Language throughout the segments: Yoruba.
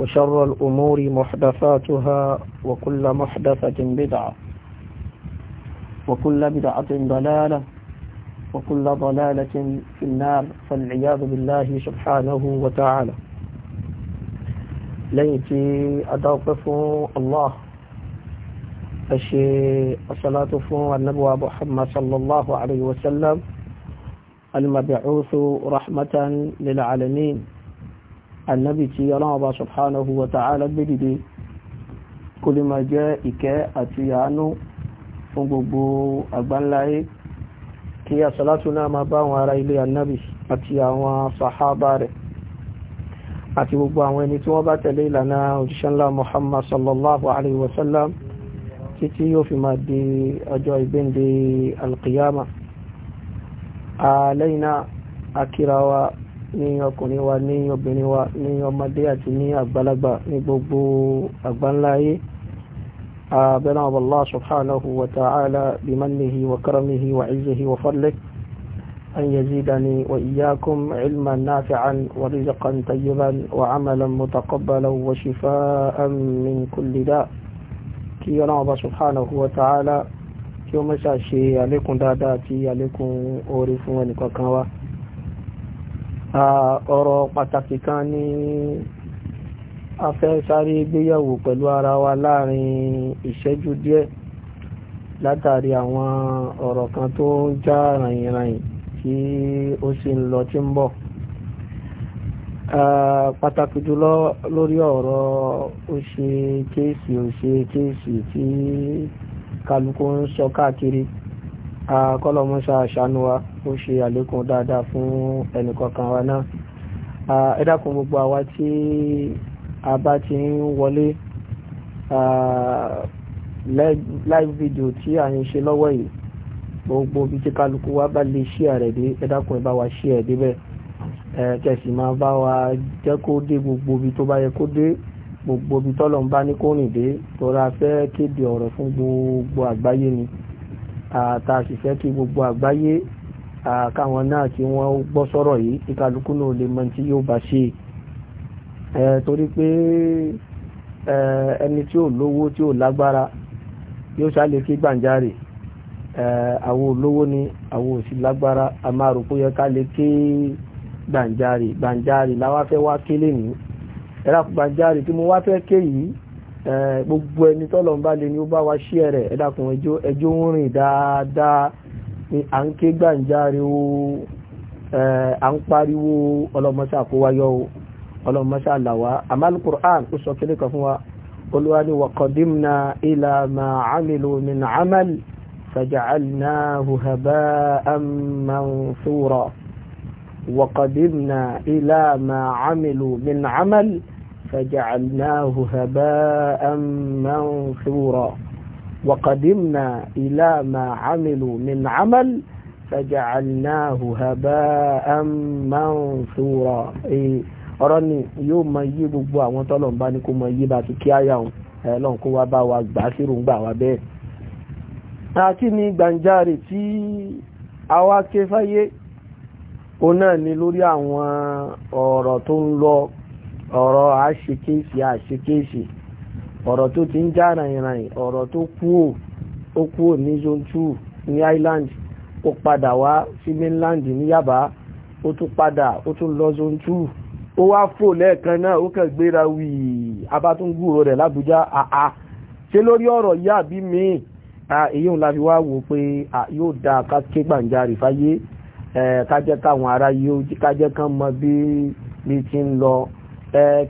وشر الأمور محدثاتها وكل محدثة بدعة وكل بدعة ضلالة وكل ضلالة في النار فالعياذ بالله سبحانه وتعالى ليتي أدوقف الله أشي الصلاة النبوة محمد صلى الله عليه وسلم المبعوث رحمة للعالمين ànábì tí ọlọ́run ọba subhanahu wa ta'ala gbé dìde kó lè máa jẹ́ ìkẹ́ àti àánú fún gbogbo àgbáńláyé kí àsàlátù náà máa bá àwọn ará ilé ànábì àti àwọn sàhábà rẹ̀ àti gbogbo àwọn ẹni tí wọ́n bá tẹ̀lé ìlànà òjíṣẹ́ ńlá Muhammad sallallahu alaihi wasallam títí yóò fi máa di ọjọ́ ìgbéǹde alqiyama àlẹ́yìn náà akírawa ní ọkùnrin wa ní obìnrin wa ní ọmọdé àti ní àgbàlagbà ní gbogbo àgbáńlá ayé abẹ́nà Allah subhanahu wa ta'ala bi mannihi wa karamihi wa izzihi wa fadlihi أن يزيدني وإياكم علما نافعا ورزقا طيبا وعملا متقبلا وشفاء من كل داء كي الله سبحانه وتعالى كي مساشي عليكم داداتي عليكم أورفوني كوكاوا ọ̀rọ̀ pàtàkì kan ni a fẹ́ sáré gbéyàwó pẹ̀lú ara wa láàrin ìṣẹ́jú díẹ̀ látàrí àwọn ọ̀rọ̀ kan tó ń já ràyìnràyìn tí ó sì ń lọ tí ń bọ̀ pàtàkì jùlọ lórí ọ̀rọ̀ ó ṣe kéèsì ó ṣe kéèsì tí kálukú ń sọ káàkiri kọ́lọ́mọṣá àṣàánú wa ó ṣe àlékún dáadáa fún ẹnìkọ̀ọ̀kan wa náà ẹ dákun gbogbo àwa tí a bá ti ń wọlé live video tí à ń ṣe lọ́wọ́ yìí gbogbo bí tí kálukú wa bá lè ṣí ààrẹ dé ẹ dákun ẹ bá wa ṣí ẹ débẹ̀ kẹsì máa bá wa jẹ́ kó dé gbogbo ibi tó bá yẹ kó dé gbogbo ibi tọ́lọ̀ ń bá ní kó rìn dé tọ́ra fẹ́ kéde ọ̀rọ̀ fún gbogbo àgbáyé ni àtàṣìṣẹ́ kí gbogbo àgbáyé káwọn náà kí wọ́n gbọ́ sọ́rọ̀ yìí kí kálukú náà lè mọ tí yóò bá ṣe torí pé ẹni tí ò lówó tí ò lágbára yóò ṣáàlè kí gbàǹjarè àwọn olówó ni àwọn òsì lágbára a máa rò pé ká lè kí gbàǹjarè gbàǹjarè làwọn wá kélé nìyí ẹ̀rọ gbàǹjarè tí mo wá fẹ́ ké Eh, gbogbo ẹni tọ́lọ̀ ń bá lè ní ó bá wa ṣí ẹ̀rẹ̀ ẹ̀dàkùn ẹjọ́ ẹjọ́ ń rìn dáadáa ni à ń ké gbàǹjáre o eh, à ń pariwo ọlọ́mọṣà kó wa yọ o ọlọ́mọṣà là wá àmàlù ó sọ kíní kan fún wa olúwa ni wa qadimna ila ma amilu min amal faja'alnahu haba'an mansura wa qadimna ila ma amilu min amal. فجعلناه هباء منثورا وقدمنا إلى ما عملوا من عمل فجعلناه هباء منثورا ọ̀rọ̀ ni yóò mọ yí gbogbo àwọn tọ́lọ̀ ń bá ní kó mọ yí bá ti kí àyà òun ẹlọ́n kó wá bá wa gbà á sírò ń gbà wá bẹ́ẹ̀. àti ní gbàǹjarè tí àwa ké fáyé òun náà ni lórí àwọn ọ̀rọ̀ tó ń lọ ọ̀rọ̀ àṣekéṣe àṣekéṣe ọ̀rọ̀ tó ti ń já ràyìnràyìn ọ̀rọ̀ tó kúò ó kúò ní zone 2 ní island ó padà wá sí mainland ní Yaba ó tún padà ó tún lọ zone 2 ó wá fò lẹ́ẹ̀kan náà ó kàn gbéra wìí abátúngúrò rẹ̀ l'Ábújá àá ṣe lórí ọ̀rọ̀ yá àbí míì èyí ń láfi wá wò pé yóò da ké gbàǹjarì fáyé kájẹ́ káwọn ará yóò kájẹ́ kán mọ bí ti ń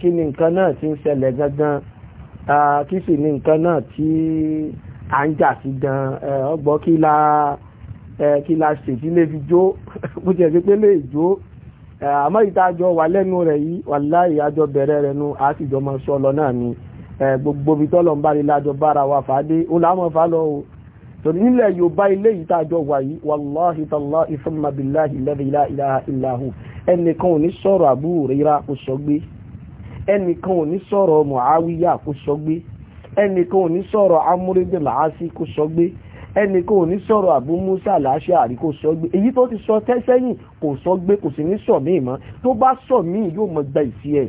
kí ni nǹkan náà ti ń ṣẹlẹ̀ gangan kí sì ni nǹkan náà tí à ń jà sí gan ọgbọ́n kí la kí la ṣètí lè fi jó bó ti ẹ̀sìn pé lè jó àmọ́ ìta àjọ wà lẹ́nu rẹ̀ yìí wàláhì àjọ bẹ̀rẹ̀ rẹ̀ nu àtijọ́ máa sọ lọ náà ni gbogbo ibi tọ́lọ̀ ń bá rí lájọ bára wa fàádé ó láwọn fà lọ o torí nílẹ̀ yorùbá ilé yìí tàjọ wà yìí wàláhì tallahi thumma billahi la ilaha ẹnìkan ò ní sọ̀rọ̀ àbúrò rírà kò sọ gbé ẹnìkan ò ní sọ̀rọ̀ Muawiya kó sọ gbé ẹnìkan ò ní sọ̀rọ̀ amúrédè làásì kó sọ gbé ẹnìkan ò ní sọ̀rọ̀ àbú Musa làásì àrí kó sọ gbé èyí tó ti sọ tẹ́sẹ́yìn kò sọ gbé kò sì ní sọ míì mọ́ tó bá sọ míì yóò mọ gba ìsí ẹ̀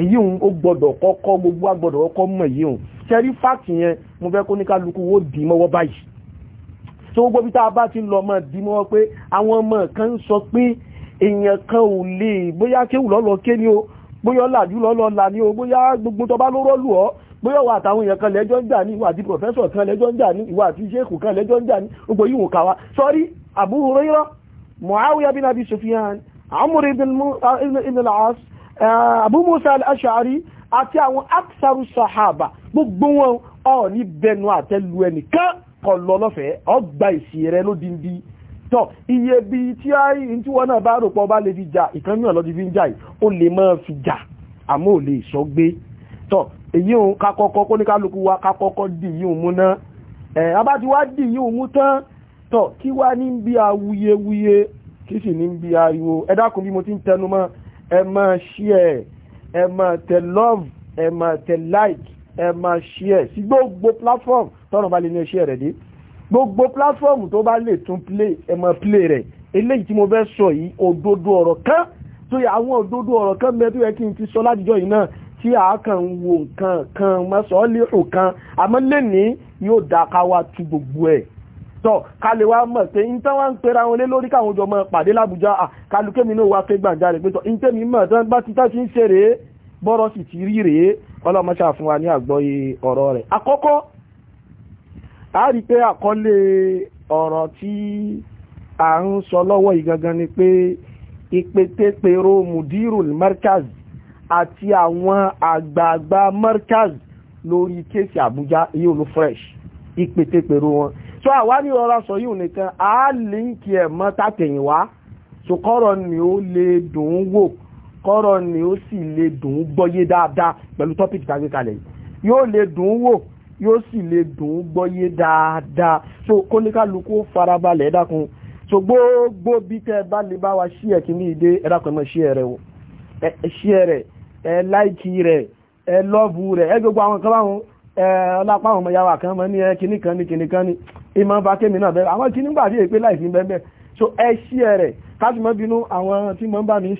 èyí òun ó gbọ́dọ̀ kọ́kọ́ gbogbo agbọ́dọ̀ kọ́kọ́ mọ̀ yìí òun ṣẹ́rí fáàkì yẹn mo fẹ́ kó ní kálukú wó dì í mọ́wọ́ báyìí tó gbogbo bí tá a bá ti lọ mọ́ dì í mọ́wọ́ pé àwọn ọmọ kan ń sọ pé èèyàn kan ò lè bóyá kéwù lọ́lọ́ ké bóyá làjú lọ́lọ́ là ní o bóyá gbogbo tó bá lóró ọ́ bóyá wà àtàwọn èèyàn kan lẹ́jọ́ ń jà ní ìwà àti pòfẹ́sọ̀ kan lẹ́jọ́ ń jà ní ìwà àti ṣéèkù kan lẹ́jọ́ ń jà ní gbogbo yìí wò sọ́rí Abu Hurairah Muawiya bin Abi Sufyan Amr ibn ah, al-As eh, Abu Musa al-Ash'ari àti àwọn aksaru sahaba gbogbo wọn ọ̀ ní bẹnu àtẹ́lu ẹnìkan kọ̀ lọ́lọ́fẹ̀ẹ́ ọgbà ìsì rẹ lódindi tọ́ iye bí tí wọ́n náà bá rò pọ̀ bá lè fi jà ìkan náà lọ́dí fi ń jà yìí ó lè máa fi jà àmọ́ ò lè sọ gbé tọ́ èyí òun kakọ́kọ́ kó ní kálukú wa kakọ́kọ́ dì yí òun mú náà ẹ̀ abájú wá dì yí òun mú tán tọ́ kí wá ní bí awuyewuye kí sì ní bí ariwo ẹ bí mo ti ń tẹnu mọ́ ẹ máa share ẹ máa tẹ love ẹ máa tẹ like ẹ máa share sí gbogbo platform tọ́nà bá lè ní ẹ share rẹ̀ dé gbogbo platform tó bá lè tún play ẹmọ play rẹ̀ eléyìí tí mo fẹ́ sọ yìí òdodo ọ̀rọ̀ kan tó yẹ àwọn òdodo ọ̀rọ̀ kan bẹ tó kí n ti sọ látijọ́ yìí náà tí a kàn ń wo nǹkan kan mọ́sọ̀ lérò kan àmọ́ lẹ́nìí yóò dá ká wá tu gbogbo ẹ̀ tọ́ ká lè wá mọ̀ pé ní tán wá ń pera wọn lé lórí káwọn jọ mọ pàdé l'Àbújá kálukẹ́mi náà wá pé gbàǹjà rẹ̀ pé tọ́ ní tẹ́mi mọ̀ tán bá ti tá ti ń ṣe rèé bọ́rọ̀ sì ti rí rèé ọlọ́mọṣà fún wa ní àgbọ́yé ọ̀rọ̀ rẹ̀ àkọ́kọ́ a rí pé àkọlé ọ̀rọ̀ tí à ń sọ lọ́wọ́ yìí gangan ni pé ìpètèpèrò mudirul markaz àti àwọn àgbààgbà markaz lórí kéèsì àbújá yìí ló fresh ìpètèpèrò wọn so àwa ní ọ̀rọ̀ sọ yìí nìkan a líǹkì ẹ̀ mọ́ tàtẹ̀yìnwá so kọ́rọ̀ ni ó lè dùn ún wò kọ́rọ̀ ni ó sì lè dùn ún gbọ́yé dáadáa pẹ̀lú tọ́pìkì tàgbékalẹ̀ yìí yóò lè dùn wò yóò sì lè dùn gbọ́yé dáadáa so kóníkàlùkù farabalẹ̀ ẹ̀dàkùn so gbogbo bí tẹ́ bá lè bá wa ṣí ẹ̀kí ní ìdé ẹ̀dàkùn ẹ̀mọ̀ ṣí ẹ̀rẹ̀ o ṣí ẹ̀rẹ̀ ẹ̀ láìkì rẹ̀ ẹ̀ lọ́ọ̀bù rẹ̀ ẹ̀ gbogbo àwọn kan báwọn ọlápá àwọn ọmọ yàwá kan mọ́ ní ẹ kìíní kan ní kìíní kan ní so ẹ ṣí ẹ̀rẹ̀ kásìmọ́ bínú àwọn tí mọ́ bá mi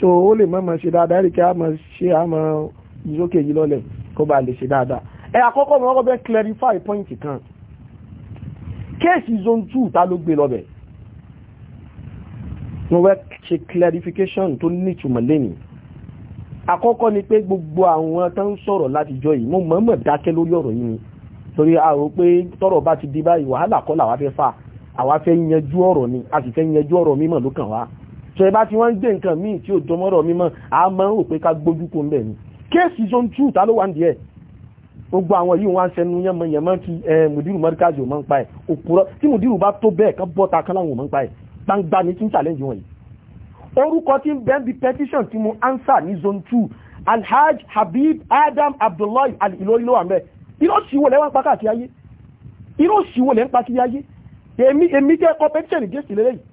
so ó lè mọ́ mọ́ ṣe dáadáa rí kí a kó bá lè ṣe dáadáa ẹ àkọ́kọ́ mọ́ ọkọ̀ bẹ́ clarify point kan kéèsì zone two ta ló gbé lọ́bẹ̀ mo fẹ́ ṣe clarification tó nítumọ̀ lẹ́nìí àkọ́kọ́ ni pé gbogbo àwọn tó ń sọ̀rọ̀ látijọ́ yìí mo mọ̀ọ́mọ̀ dákẹ́ lórí ọ̀rọ̀ yìí ni torí a rò pé tọ́rọ̀ bá ti di báyìí wàhálà kọ́ làwa fẹ́ fà àwa fẹ́ yanjú ọ̀rọ̀ ni a sì fẹ́ yanjú ọ̀rọ̀ mímọ̀ ló kàn wá tó ẹ bá ti wọ́n ń gbé nǹkan míì tí ò dọmọ́rọ̀ mímọ̀ a máa ń rò pé ká gbójú kó ń bẹ̀ ni kéèsì zone two ta ló wà ń díẹ̀ gbogbo àwọn yìí wọ́n á sẹnu yẹmọ yẹmọ kí ẹ mùdírù mọ́ríkàjì ò mọ́ ń pa ẹ̀ òpùrọ́ tí mùdírù bá tó bẹ́ẹ̀ kán bọ́ta kán láwọn ò mọ́ ń pa ẹ̀ gbangba ni tí ń challenge wọn yìí orúkọ tí ń bẹ́ẹ̀ bí petition tí mo answer ní zone two alhaj habib adam abdullahi al-Ilory ló wà mẹ́ irú òsìwò lẹ́wọ́n ń pa káàkiri ayé irú òsìwò lẹ́ ń pa kiri ayé èmi èmi jẹ́ competition against lélẹ́yìí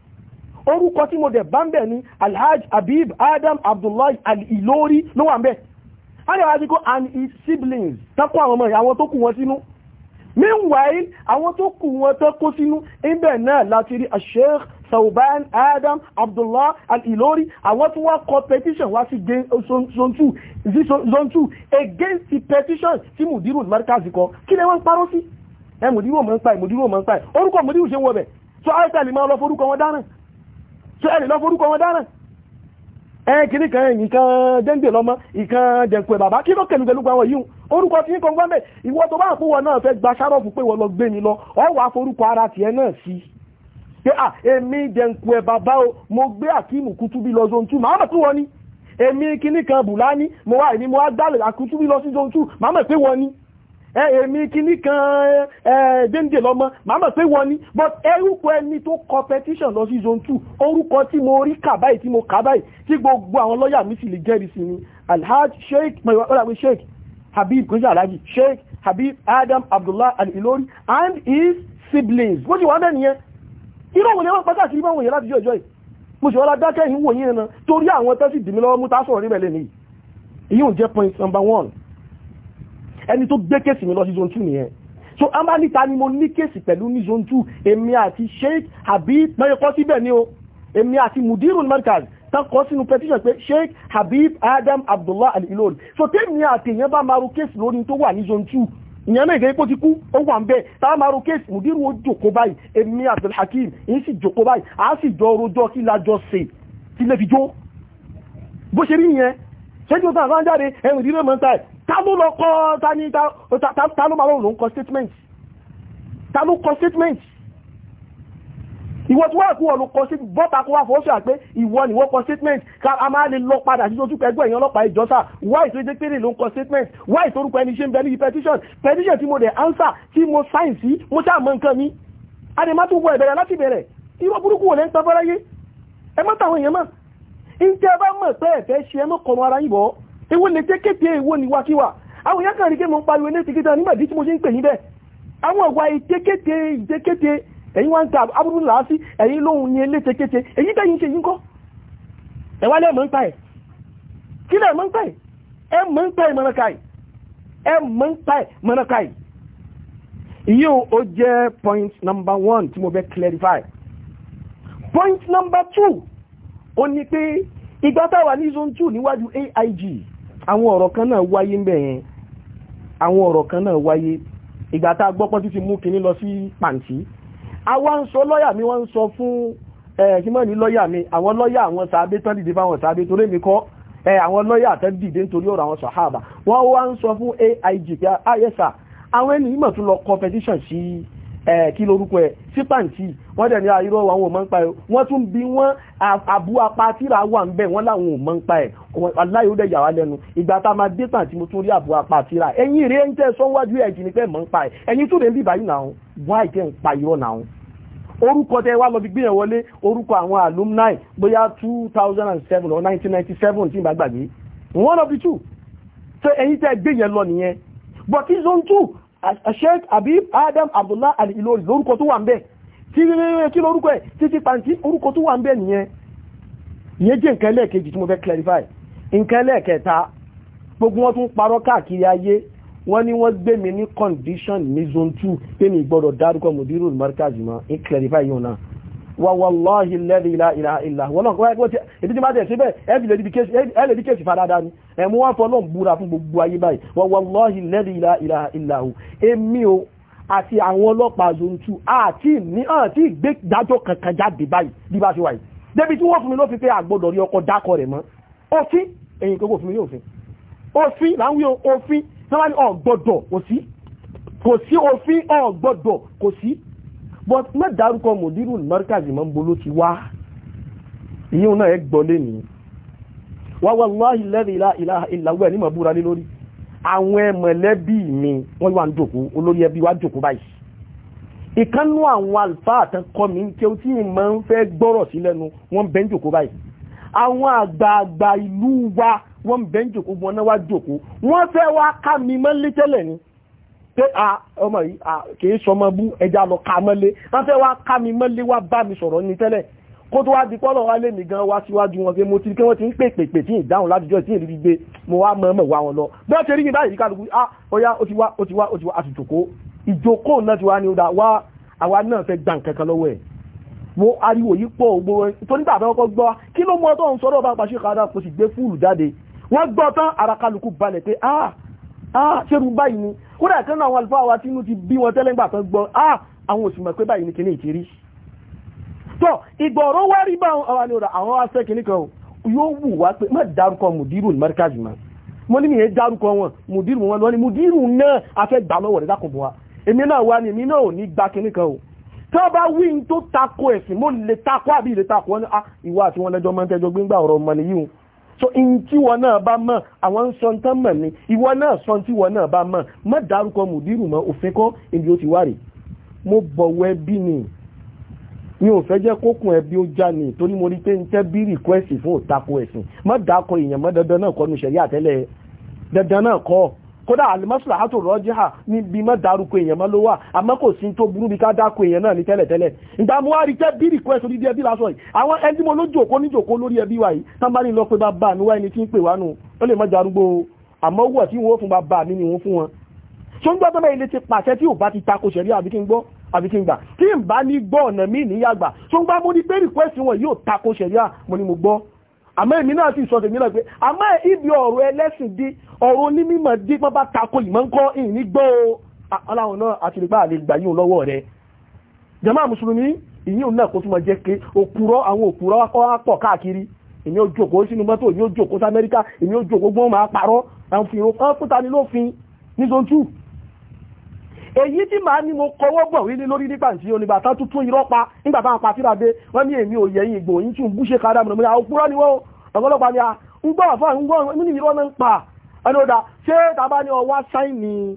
orúkọ tí mo dẹ̀ bá ń bẹ̀ ni alhaj habib adam abdullahi al-Ilory ló wà wọ́n wá sí and his siblings tọ́kọ̀ àwọn ọmọ ìyàwó tó kù wọn sínú meanwhile àwọn tó kù wọn tó kó sínú ibẹ̀ náà láti rí Sheikh Sauban Adam Abdullah and ilori àwọn tí wọ́n kọ petition wá sí zone 2 against the petition tí Mudiru Markaz kọ kí lẹ wọ́n parọ́ sí ẹ Mudiru mọ̀ ń pa Mudiru mọ̀ ń pa orúkọ Mudiru ṣe ń wọ̀ bẹ̀ so àìsàn lè máa lọ forúkọ wọn dáná so ẹ lè lọ forúkọ wọn dáná ẹ̀kìrí kan ẹ̀yìn kan jẹ́ǹdè lọ́mọ ìkan jẹ̀ǹpẹ̀ bàbá kí ló kẹ̀lú pẹ̀lú àwọn yìí orúkọ tí ń kọ́ gbọ́mẹ̀ ìwọ tó bá fún wọn náà fẹ́ gba sárọ́ọ̀fù pé wọ́n lọ gbé mi lọ ọ wà forúkọ ara tiẹ̀ náà sí pé à èmi jẹ̀ǹpẹ̀ bàbá o mo gbé àkíìmù kútúbí lọ zone màá mọ̀ pé ni èmi kíní kan bùlá ni mo wà ní mo wá gbálẹ̀ àkútúbí lọ sí zone màá mọ̀ pé wọ́n ni èmi kíní kan jẹ́ǹdè lọ́mọ màmá pé wọ́n ni but orúkọ ẹni tó kọ petition lọ sí zone two orúkọ tí mo rí kà báyìí tí mo kà báyìí tí gbogbo àwọn lọ́ọ̀yà mi sì lè jẹ́rìí sí ni alhaj sheikh mọ̀lẹ́wọ̀ sheikh habib kò sí alhaji sheikh habib adam abdullah al-ilori and his siblings bó ti wà bẹ́ẹ̀ nìyẹn irú òun ni wọ́n pàtàkì ìbọn òun yẹn láti jẹ́ ọjọ́ yìí mo ṣe wọ́n ládákẹ́ ìwòyìn náà torí àwọn tẹ́sí dìmílọ́wọ́ mú tásọ̀rọ̀ níbẹ̀ lẹ́nu yìí ìyí ò jẹ́ point number one ẹni tó gbé kéèsì mi lọ sí zone two nìyẹn so amánita ni mo ní kéèsì pẹ̀lú ní zone two èmi àti sheikh habib mẹ́yẹkọ́ síbẹ̀ ni o èmi àti mudiru merkaz tán kọ́ sínú petition pé sheikh habib adam abdullah al-ilori so tèmi àti èèyàn bá máa ro kéèsì lórí tó wà ní zone two ìyẹn náà ìgbẹ́ ipò ti kú ó wà ń bẹ́ tá a máa ro kéèsì mùdírù ó jòkó báyìí èmi abdulhakeem èyí sì jòkó báyìí àá sì jọ rojọ́ kí lájọ ṣe lè fi jó bó ṣe rí yẹn ṣẹ́jú tán àbá ń jáde ẹ̀rùn ìdílé mọ́ táì ta ló lọ kọ́ ta ní ta ló máa lóun kọ statement ta ló kọ statement ìwọ tí wọ́n ẹ̀kúwọ̀ ló kọ sí bọ́ta kó wá fọ́ọ́sọ̀ àpé ìwọ ni wọ́n kọ statement ká a máa lè lọ padà sí ojú ẹgbẹ́ èèyàn ọlọ́pàá ìjọsà why tó jẹ́ péré ló ń kọ statement why tó rúkọ ẹni ṣe ń bẹ níbi petition petition tí mo dẹ̀ answer tí mo sign sí mo ṣáà mọ nǹkan mi a lè má tún wọ ìbẹ̀rẹ̀ láti bẹ̀rẹ̀ irọ́ burúkú wò lẹ́ ń tafẹ́rẹ́ yé ẹ má ìjẹ́ bá mọ̀ pé ẹ̀fẹ́ ṣe ẹmọ́ kọmọ ara yìnbọ̀ ewó lè jẹ́ kéde èwo ni wákíwà àwọn èèyàn kàn rí pé mo ń pariwo ní tìkítà nígbàdí tí mo ṣe ń pè níbẹ̀ àwọn ọ̀wà ìjẹ́kéde ìjẹ́kéde ẹ̀yin wá ń ta abúrú làásí ẹ̀yin lóhun ni elétekéte èyí tẹ́yìn ṣe yín kọ́ ẹ̀wà lẹ́ mọ̀ ń pa ẹ̀ kí lẹ́ mọ̀ ń pa ẹ̀ ẹ mọ̀ ń pa ẹ̀ mọ̀nàkà ẹ̀ ẹ mọ̀ ń pa ẹ̀ mọ̀nàkà ẹ̀ ìyẹn ó jẹ́ point number one tí mo fẹ́ clarify point number two ó ní pé ìgbà táwà ní zone two níwájú AIG àwọn ọ̀rọ̀ kan náà wáyé ń bẹ̀ yẹn àwọn ọ̀rọ̀ kan náà wáyé ìgbà tá a gbọ́ pọ́n títí mú kinní lọ sí pàǹtí àwa ń sọ lọ́yà mi wọ́n ń sọ fún ẹ̀ẹ́dìmọ́ni lọ́yà mi àwọn lọ́yà àwọn sàábé tán dìde fáwọn sàábé torí mi kọ́ ẹ àwọn lọ́yà tẹ́ dìde nítorí ọ̀rọ̀ àwọn sàhábà wọ́n wá ń sọ fún AIG pé ayẹ́sà ah, àwọn ẹni ìmọ̀ tún lọ competition sí kí lórúkọ ẹ̀ sí pàǹtí wọ́n dẹ̀ ní àìrọ̀ ah, àwọn òmọ́ ń pa ẹ̀ wọ́n tún bí wọ́n àbú apá tíra wà ń bẹ̀ wọ́n láwọn òmọ́ ń pa ẹ̀ aláyò dẹ̀ yà wá lẹ́nu ìgbà tá máa dé pàǹtí mo tún rí àbú apá tíra ẹ̀yìn rẹ̀ ń tẹ́ sọ́wájú ẹ̀ jì ní pẹ́ orúkọ tẹ wá lọ fi gbìyànjú wọlé orúkọ àwọn alumni bóyá 2007 or 1997 tí n bá one of the two so ẹ̀yìn tẹ́ gbé yẹn lọ nìyẹn but it's on two sheikh abib adam abdullah al-ilori lórúkọ tó wà ń bẹ̀ tí kí lórúkọ ẹ̀ títí pàǹtí orúkọ tó wà ń bẹ̀ nìyẹn ìyẹn jẹ́ nǹkan ẹlẹ́ẹ̀kejì tí mo fẹ́ clarify nǹkan ẹlẹ́ẹ̀kẹta gbogbo wọn tún parọ́ káàkiri ayé wọ́n ní wọ́n gbé mi ní condition ní zone two pé mi gbọ́dọ̀ dárúkọ mòdírò markaz mọ́ ń clarify yóò náà wa wallahi alladhi la ilaha illa huwa lọ́n kọ́ ẹgbẹ́ ibi tí máa tẹ̀ síbẹ̀ ẹ̀lẹ́dí kéèsì fàdádá ni ẹ̀mú wá fọ́lọ́n búra fún gbogbo ayé báyìí wa wallahi alladhi la ilaha illa èmi o àti àwọn ọlọ́pàá zontu àti ní àti gbé dájọ́ kankan jáde báyìí bí bá ṣe wáyìí débi tí wọ́n fún mi ló fi pé àgbọ́dọ̀ rí ọkọ̀ dákọ̀ rẹ̀ mọ́ òfin ẹ̀yìn kókò fún mi yóò fi òfin láwí òfin náà wá ní but ma dárúkọ mòdírù markazi mọ́ bolo ti wá ìyíò náà ẹ gbọ́ lé ní wa wallahi alladhi la ilaha illa huwa ní màbúra lé lórí àwọn mọ̀lẹ́bí mi wọ́n wà ń jòkó olórí ẹbí wá jòkó báyìí ìkánú àwọn àlùfáà àtàn kọ́ mi ń kí o tí ì ń fẹ́ gbọ́rọ̀ sí lẹ́nu wọ́n bẹ́ ń jòkó báyìí àwọn àgbààgbà ìlú wa wọ́n bẹ́ ń jòkó wọn náà wá jòkó wọ́n fẹ́ wá ká mi mọ́lé tẹ́lẹ̀ ni pé a ọmọ yìí a kìí sọ ọmọ bú ẹja lọ ká mọ́lé wọ́n fẹ́ wá ká mi mọ́lé wá bá mi sọ̀rọ̀ ní tẹ́lẹ̀ kó tó wá di pọ́lọ̀ wá lé mi gan wá síwájú wọn pé mo ti rí pé wọ́n ti ń pè pèpè tí ìdáhùn látijọ́ tí ìrírí gbé mo wá mọ̀ mọ̀ wá wọn lọ bẹ́ẹ̀ ṣe rí yìí báyìí kálukú a ọya ó ti wá ó ti wá ó ti wá a ti jòkó ìjòkó náà ti wá ní ọdà wá àwa náà fẹ́ gbà nǹkan kan lọ́wọ́ ẹ̀ mo ariwo yìí pọ̀ ògbó tó nígbà àbẹ́ ọkọ̀ gbọ́ kí ló mú ọtọ́ ń sọ́dọ̀ bá pàṣẹ kàdá kò sì gbé fúlù jáde wọ́n gbọ́ tán ara balẹ̀ pé ah ah ṣerú báyìí ni kódà kan náà àwọn àlùfáà wa tí inú ti bí wọn tẹ́lẹ̀ ńgbà kan gbọ́ ah àwọn òsì mọ̀ pé báyìí ni kìíní ìtìrí tọ́ ìgbọ̀rọ̀ wá rí bá àwọn ni ọ̀rọ̀ àwọn aṣẹ́ kìíní kan yóò wù wá pé má dárúkọ mùdírù ní mẹ́ríkàjì mọ́ mo ní nìyẹn dárúkọ wọn mùdírù wọn lọ ni mùdírù náà afẹ́ gbà lọ́wọ́ rẹ̀ dákùnbọ̀ wa èmi náà wá ní èmi náà ò ní gbà kìíní kan o tí wọ́n bá wí ní tó tako ẹ̀sìn mo lè tako àbí lè tako wọn ni ah ìwà àti wọn lẹ́jọ́ máa ń tẹ́jọ́ gbé ń gbà ọ̀rọ̀ ọmọ nìyí so in tí wọn náà bá mọ̀ àwọn ń sọ tán mọ̀ ni ìwọ náà sọ tí wọn náà bá mọ̀ má dárúkọ mùdírù mọ́ òfin kọ́ èdè ó ti wá rè mo bọ̀wọ̀ ẹbí ni mi ò fẹ́ jẹ́ kókun ẹbí ó já ni torí mo rí pé ń tẹ́ bí rìkwẹ́sì fún òtakò ẹ̀sìn má dákọ èèyàn mọ́ dandan náà kọ́ nu ṣẹ̀rí àtẹ́lẹ̀ dandan náà kọ́ kódà àlùmọ́sùlá àtò rọ́jíhà níbi mọ́ dárúkọ èèyàn mọ́ ló wà àmọ́ kò sí tó burú bí ká dákọ èèyàn náà ní tẹ́lẹ̀tẹ́lẹ̀ ìdààmú wa bí request orí ẹbí lásọ yìí àwọn ẹni tí mo ló jòkó ní jòkó lórí ẹbí wa yìí tán bá ní lọ pé bàbá mi wá ẹni tí ń pè wá nù ó lè mọ́ darúgbó àmọ́ wọ̀ tí wọ́n fún bàbá mi ni wọ́n fún wọn tó ń gbọ́ tọ́lá ilé ti pàṣẹ tí ò bá ti takò ṣẹ̀rí àbí kí ń gbọ́ àbí kí ń gbà tí ń bá ní gbọ́ ọ̀nà míì níyàgbà tó ń gbá mú ní pé request wọn yóò tako ṣẹ̀rí à mo ni mo gbọ́ àmọ́ èmi náà sì sọ tèmi náà pé àmọ́ ibi ọ̀rọ̀ ẹlẹ́sìn dí ọ̀rọ̀ onímọ̀ dé bọ́ bá tako ìmọ̀ ń kọ́ ìní gbọ́ aláwọn náà àti lè gbà lè gbà yíò lọ́wọ́ rẹ̀ jàmáà mùsùlùmí ìyíò náà kó túnmọ̀ jẹ́ pé òpùrọ́ àwọn òpùrọ́ pọ̀ káàkiri èmi ó jókòó sínú mọ́tò èmi ó jókòó sí amẹ́ríkà èmi ó jókòó gbọ́n máa parọ́ àwọn fìrò kan fúta ni lófin ní zontú èyí tí màá ní mo kọwọ́ gbọ̀n wí ní lórí nígbà tí onígbà tán tuntun irọ́ pa nígbà táwọn pa síra dé wọ́n ní èmi ò yẹ̀yìn ìgbò yín tí ń bú ṣe kára mọ̀nàmọ́ni àwọn òpùrọ́ ni wọ́n ọ̀gọ́lọ́pàá ni a ń gbọ́ àfọ́ àwọn ń gbọ́ ní irọ́ náà ń pa ẹnúdà ṣé tàbá ní ọwá sáìnì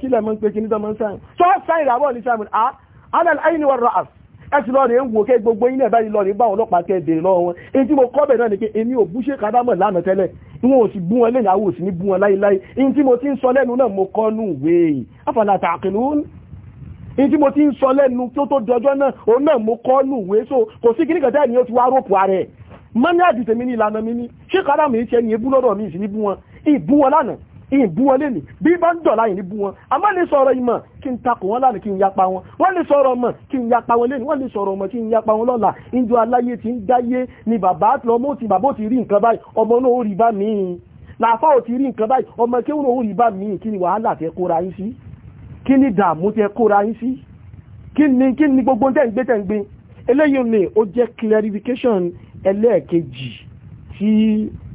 kí lẹ̀ mọ́ ń pè kí ní tọ́mọ́ sáìnì tó sáìnì àbọ̀ ní sáìnì à anal aini wa ra'as ẹ̀sì lọ́rin ń wò ké gbogbo yín ẹ̀bá yìí lọ́rin báwọn ọlọ́pàá kẹ́ bèrè lọ́wọ́ wọn èyí tí mo kọ́bẹ̀ náà ni pé èmi ò bú ṣe kádámọ̀ lánàá tẹ́lẹ̀ wọn ò sì bú wọn lẹ́yìn àwọn ò sì ní bú wọn láíláí èyí tí mo ti ń sọ lẹ́nu náà mo kọ́ nù wéè afala taqilun èyí tí mo ti ń sọ lẹ́nu tó tó dọjọ́ náà òun náà mo kọ́ nù wéè so kò sí kí nìkan tẹ́ẹ̀ ìbúwọ́ lánàá ìyìn bú wọn lénìí bí bá ń dọ̀lá yìí ní bú wọn a máa lè sọ̀rọ̀ ìmọ̀ kí n takò wọn lánàá kí n yapa wọn wọ́n lè sọ̀rọ̀ ọmọ kí n yapa wọn lénìí wọ́n lè sọ̀rọ̀ ọmọ kí n yapa wọn lọ́la ìjọ aláyé ti ń dáyé ni bàbá lọmọ ti bàbá ti rí nǹkan báyìí ọmọ náà ó rí bá mi làáfà ò ti rí nǹkan báyìí ọmọ kéwọn ó rí bá mi kí ni wàhálà tẹ kóra yín sí kí ni dààmú tẹ kóra yín sí kí ni kí ni gbogbo tẹ̀ ń gbé tẹ̀ ń gbé eléyìí ni ó jẹ́ clarification ẹlẹ́ẹ̀kejì tí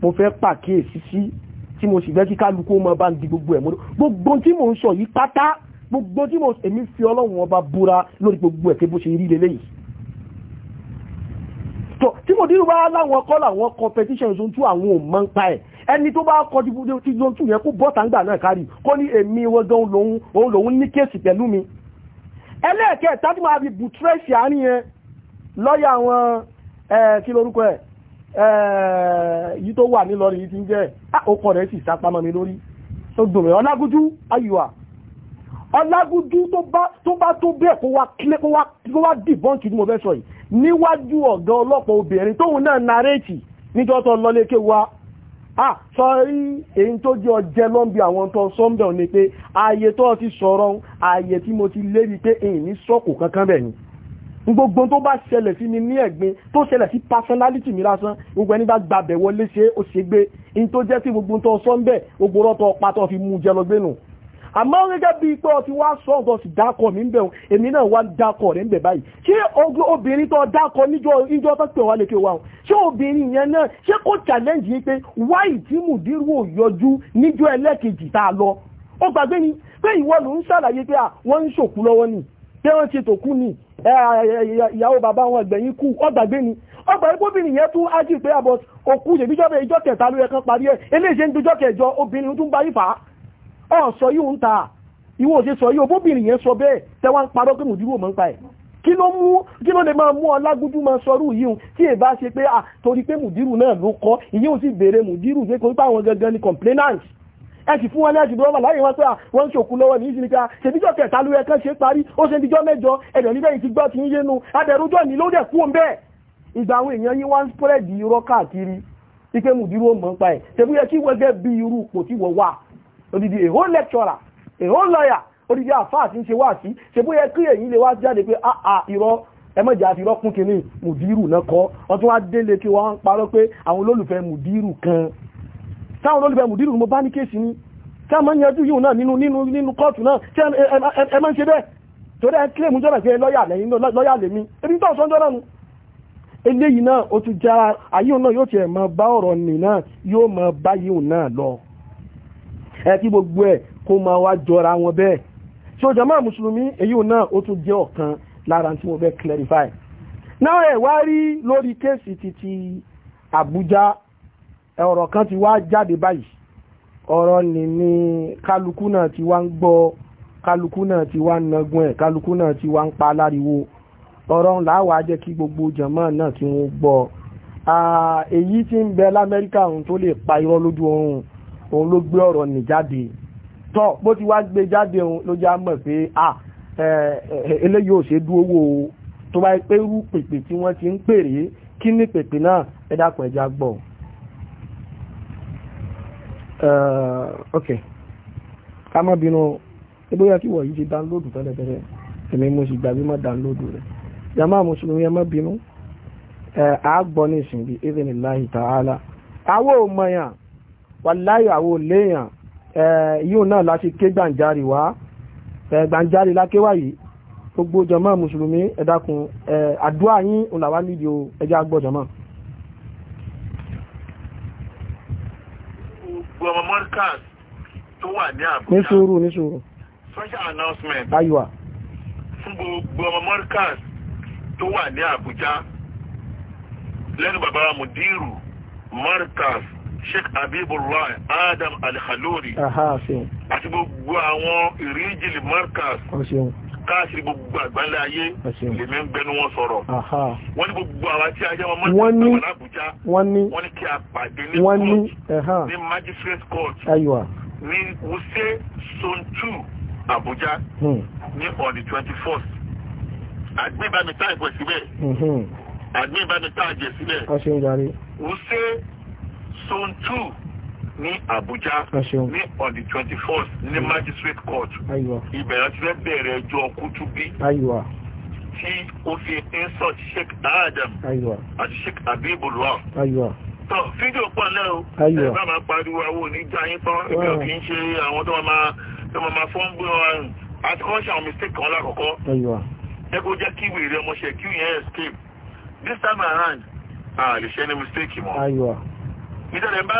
mo fẹ́ pàkíyèsí sí tí mo sì fẹ́ kí kálukú ọmọ bá ń di gbogbo ẹ̀ mọ́dọ́ gbogbo tí mò ń sọ yìí pátá gbogbo tí mo èmi fi ọlọ́run ọba búra lórí gbogbo ẹ̀ pé bó ṣe rí leléyìí tó tí mo dínú bá láwọn kọ́ làwọn competition zone two àwọn ò mọ́ ń pa ẹ̀ ẹni tó bá kọ́ ti zone two yẹn kó bọ́ta ń gbà náà kárì kó ní èmi wọn gan lòun òun lòun ní kéèsì pẹ̀lú mi ẹlẹ́ẹ̀kẹ́ tá tí máa fi bùtírẹ́sì àárín yẹn lọ́ọ̀yà àwọn kí lorúkọ ẹ̀ Eh, yìí tó wà nílọrin yìí ti ń jẹ́ ah, ọkọ̀ rẹ̀ sì sápamọ́ mi lórí tó dùnmí ọlágúdú ayùwà ọlágúdú tó bá tó bẹ́ẹ̀ kó wá dìbọ́ǹkì ní mo fẹ́ sọ yìí níwájú ọ̀gá ọlọ́pàá obìnrin tóun náà naréètì níjọ́ lọ́lẹ́kẹ́ lọ wa ah sọrí èyí tó jẹ́ ọjẹ́ lọ́nbi àwọn tó sọ́ńbẹ̀ ni pé ààyè tó ti sọ̀rọ̀ ààyè tí mo ti lérí pé èyí ní sọ́kù kankan bẹ́ẹ̀ ni gbogbo tó bá ṣẹlẹ̀ sí mi ní ẹ̀gbin tó ṣẹlẹ̀ sí personality mi lásán gbogbo ẹni bá gbàbẹ̀ wọlé ṣe ó ṣe gbé in tó jẹ́ sí gbogbo tó sọ ń bẹ̀ gbogbo rọ́tọ̀ pàtó fi mú jẹ lọ́gbé nù àmọ́ gẹ́gẹ́ bíi pé ọ ti wá sọ ọ̀dọ̀ sí dákọ̀ mi ń bẹ̀ èmi náà wá dákọ̀ rẹ̀ ń bẹ̀ báyìí ṣé obìnrin tó dákọ̀ níjọ́ tó pè wá lè ké wa o ṣé obìnrin yẹn náà ṣé kò challenge yìí pé wáì tí mùdírù ò yọjú níjọ́ ẹlẹ́kejì tá a lọ ó gbàgbé ni pé ìwọ ló ń ṣàlàyé pé à wọ́n ń ṣòkú lọ́wọ́ ni pé wọ́n ṣe tòkú ni ìyàwó bàbá wọn ẹgbẹ̀yìn kú ọgbàgbé ni ọgbà ìgbóbìnrin yẹn tún ájì pé àbọ̀ ah, òkú yèbíjọ́ bẹ ìjọ́ kẹta ló yẹ kan parí ẹ̀ eléyìí ṣe ń dojọ́ kẹjọ obìnrin tún bá ìfà ọ̀ sọ yìí ń ta ìwọ ò ṣe sọ yìí obóbìnrin yẹn sọ bẹ́ẹ̀ tẹwa ń parọ́ pé mùdírù ò mọ́ ń pa ẹ̀ kí ló mú kí ló lè máa mú ọlágúdú máa sọrú yìí tí ẹ bá ṣe pé à ah, torí pé mùdírù náà ló kọ ìyẹn ò sì béèrè mùdírù pé kò ń pa àwọn gangan ni complainant ẹ sì fún wọn lẹ́sì dọ́wọ́mà láyé wọn pé wọ́n ń ṣòkú lọ́wọ́ ní ìsinika ṣèbíjọ́ kẹta ló yẹ kán ṣe parí ó ṣe díjọ́ mẹ́jọ ẹ̀dọ̀ níbẹ̀ yìí ti gbọ́ ti ń yénu adẹ̀rújọ́ ní ló dẹ̀ kú òun bẹ́ẹ̀ ìgbà àwọn èèyàn yín wá spread irọ́ káàkiri ike mùdírú ó mọ̀ pa ẹ̀ ṣèbí yẹ kí wọ́n bí irú ipò tí wọ́n wà odidi a whole lecturer a whole lawyer odidi àfáà ti ń ṣe wá sí ṣèbí yẹ kí èyí lè wá jáde pé àà ah, ah, irọ́ ẹmọ́jà àti rọ́kún kìíní mùdírù náà kọ́ ọtún wá délé kí wọ́n parọ́ pé àwọn olólùfẹ́ mùdírù kan táwọn olólùfẹ́ mùdírù mo bá ní kéèsì ni ká máa ń yanjú yìí náà nínú nínú nínú kóòtù náà ṣé ẹ máa ń ṣe bẹ́ẹ̀ torí ẹ kílẹ̀ mú jọ́nà pé lọ́yà lẹ́yìn ebi tó sọ jọ́nà nu eléyìí náà ó tún já ayé náà yóò tiẹ̀ máa bá ọ̀rọ̀ nì náà yóò máa bá yìí náà lọ ẹ kí gbogbo ẹ kó máa wá jọra wọn bẹ́ẹ̀ ṣé o jàmáà mùsùlùmí èyí náà ó tún jẹ́ ọ̀kan lára tí mo fẹ́ clarify náà ẹ̀ wá rí lórí kéèsì títí Àbújá ọ̀rọ̀ kan ti wá jáde báyìí ọ̀rọ̀ ni ni kálukú náà ti wá ń gbọ́ kálukú náà ti wá ń nagun ẹ̀ kálukú náà ti wá ń pa láriwo ọ̀rọ̀ ńlá wà á jẹ́ kí gbogbo jàmáà náà tí wọ́n gbọ́ èyí tí ń bẹ lamẹ́ríkà òun tó lè pa irọ́ lójú oorun òun ló gbé ọ̀rọ̀ nì jáde tọ́ bó ti wá gbé jáde òun ló já mọ̀ pé eléyìí ò ṣe dúró wò ó tó bá pé irú pèpè tí wọ́n ti ń pèrè kí ní pèpè náà ẹ dákun ẹ já Eh, ok ká má bínú bóyá kí se ti dánlódù tẹ́lẹ̀tẹ́lẹ̀ èmi mo sì gbàgbé má dánlódù rẹ̀ jàmáà mùsùlùmí ẹ má bínú àágbọ́ eh, ní ìsìn bíi ìdíni láì tààlà àwọ̀ òmọ̀yàn wàláyọ̀ àwọ̀ léèyàn eh, yíò náà láti ké gbàǹjarì wá gbàǹjarì lákéwà yìí gbogbo jàmáà mùsùlùmí ẹ dákun àdúrà yín òun làwa nídìí o ẹjẹ́ àgbọ̀ jàmáà gbogbo ọmọ mọ́ríkàs tó wà ní àbújá ní sùúrù ní sùúrù special announcement aywa fún gbogbo ọmọ mọ́ríkàs tó wà ní àbújá lẹ́nu bàbá mùdírù mọ́ríkàs sheikh abibullah adam alhalori àti gbogbo àwọn ìríjìlì mọ́ríkàs káàkiri gbogbo àgbáńlá ayé lèmi ń bẹnu wọn sọ̀rọ̀ wọ́n ní gbogbo àwa tí a jẹ́ wọn mọ́tò àgbà làbújá wọ́n ní kí a pàdé ní court ní magistrate court ní wuse zone two Àbújá ní on the twenty first àgbébámi tá ìpè síbẹ̀ àgbébámi hmm. tá àjẹ síbẹ̀ wuse zone two ní abuja ní on the twenty first ní magistrate court ìbẹ̀rẹ̀ ti fẹ́ bẹ̀rẹ̀ ẹjọ́ kútúbí tí ó fi insult Sheikh Adam àti Sheikh Abibullah tọ́ fídíò pọ̀ náà o ẹ bá máa pariwo àwọn oníjàyín tán èmi ò kì í ṣe àwọn tó máa máa fọ́n gbé ọrùn àti kọ́ ṣe àwọn mistake kan lákọ̀ọ́kọ́ ẹ kó jẹ́ kí wèrè ọmọṣẹ́ kí yẹn escape this time around a lè ṣe ní mistake mọ́ ìdọ̀rẹ̀ bá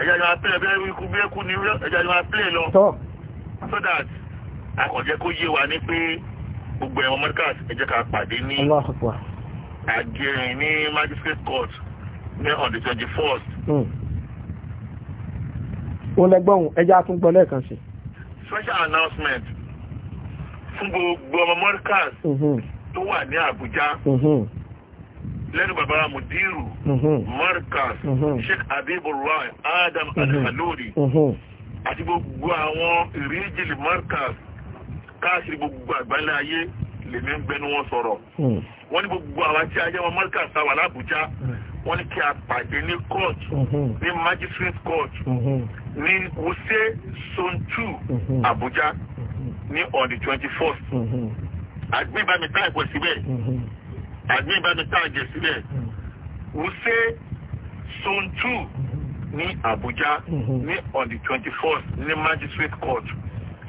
ẹjá ni máa pílẹ̀ bẹ́ẹ̀ ikú bí ẹkú ni ẹjá ni máa pílẹ̀ lọ so that akọ̀jẹ́ kó yé wa ní pé gbogbo ẹ̀wọ̀n mọ́díkàt ẹjẹ́ ká pàdé ní àjẹrìn on the twenty first. Hmm. ó lẹ́gbọ̀n ẹjá tún gbọ́ lẹ́ẹ̀kan sí. special announcement fún gbogbo ọmọ mọ́díkàt hmm. tó wà ní Àbújá. Mm -hmm lẹ́nu bàbá mudiru mhm. markaz mhm. sheikh abibullah adam mhm. alhalori àti gbogbo àwọn ìríjìlì markaz káàkiri gbogbo àgbálẹ̀ ayé lèmi ń gbẹnu wọn sọ̀rọ̀ hmm. wọ́n ní gbogbo àwọn tí ajẹ́ wọn markaz sáwà lábújá hmm. wọ́n ní kí a pàdé ní court ní magistrate court ní wuse zone two abuja ní on the twenty first àgbébámi táìpọ̀ síbẹ̀ àgbé ìbámi tá àjẹ sílẹ̀ hmm. wùsẹ́ zone two hmm. ní Abuja hmm. ní on the twenty fourth ní magistrate court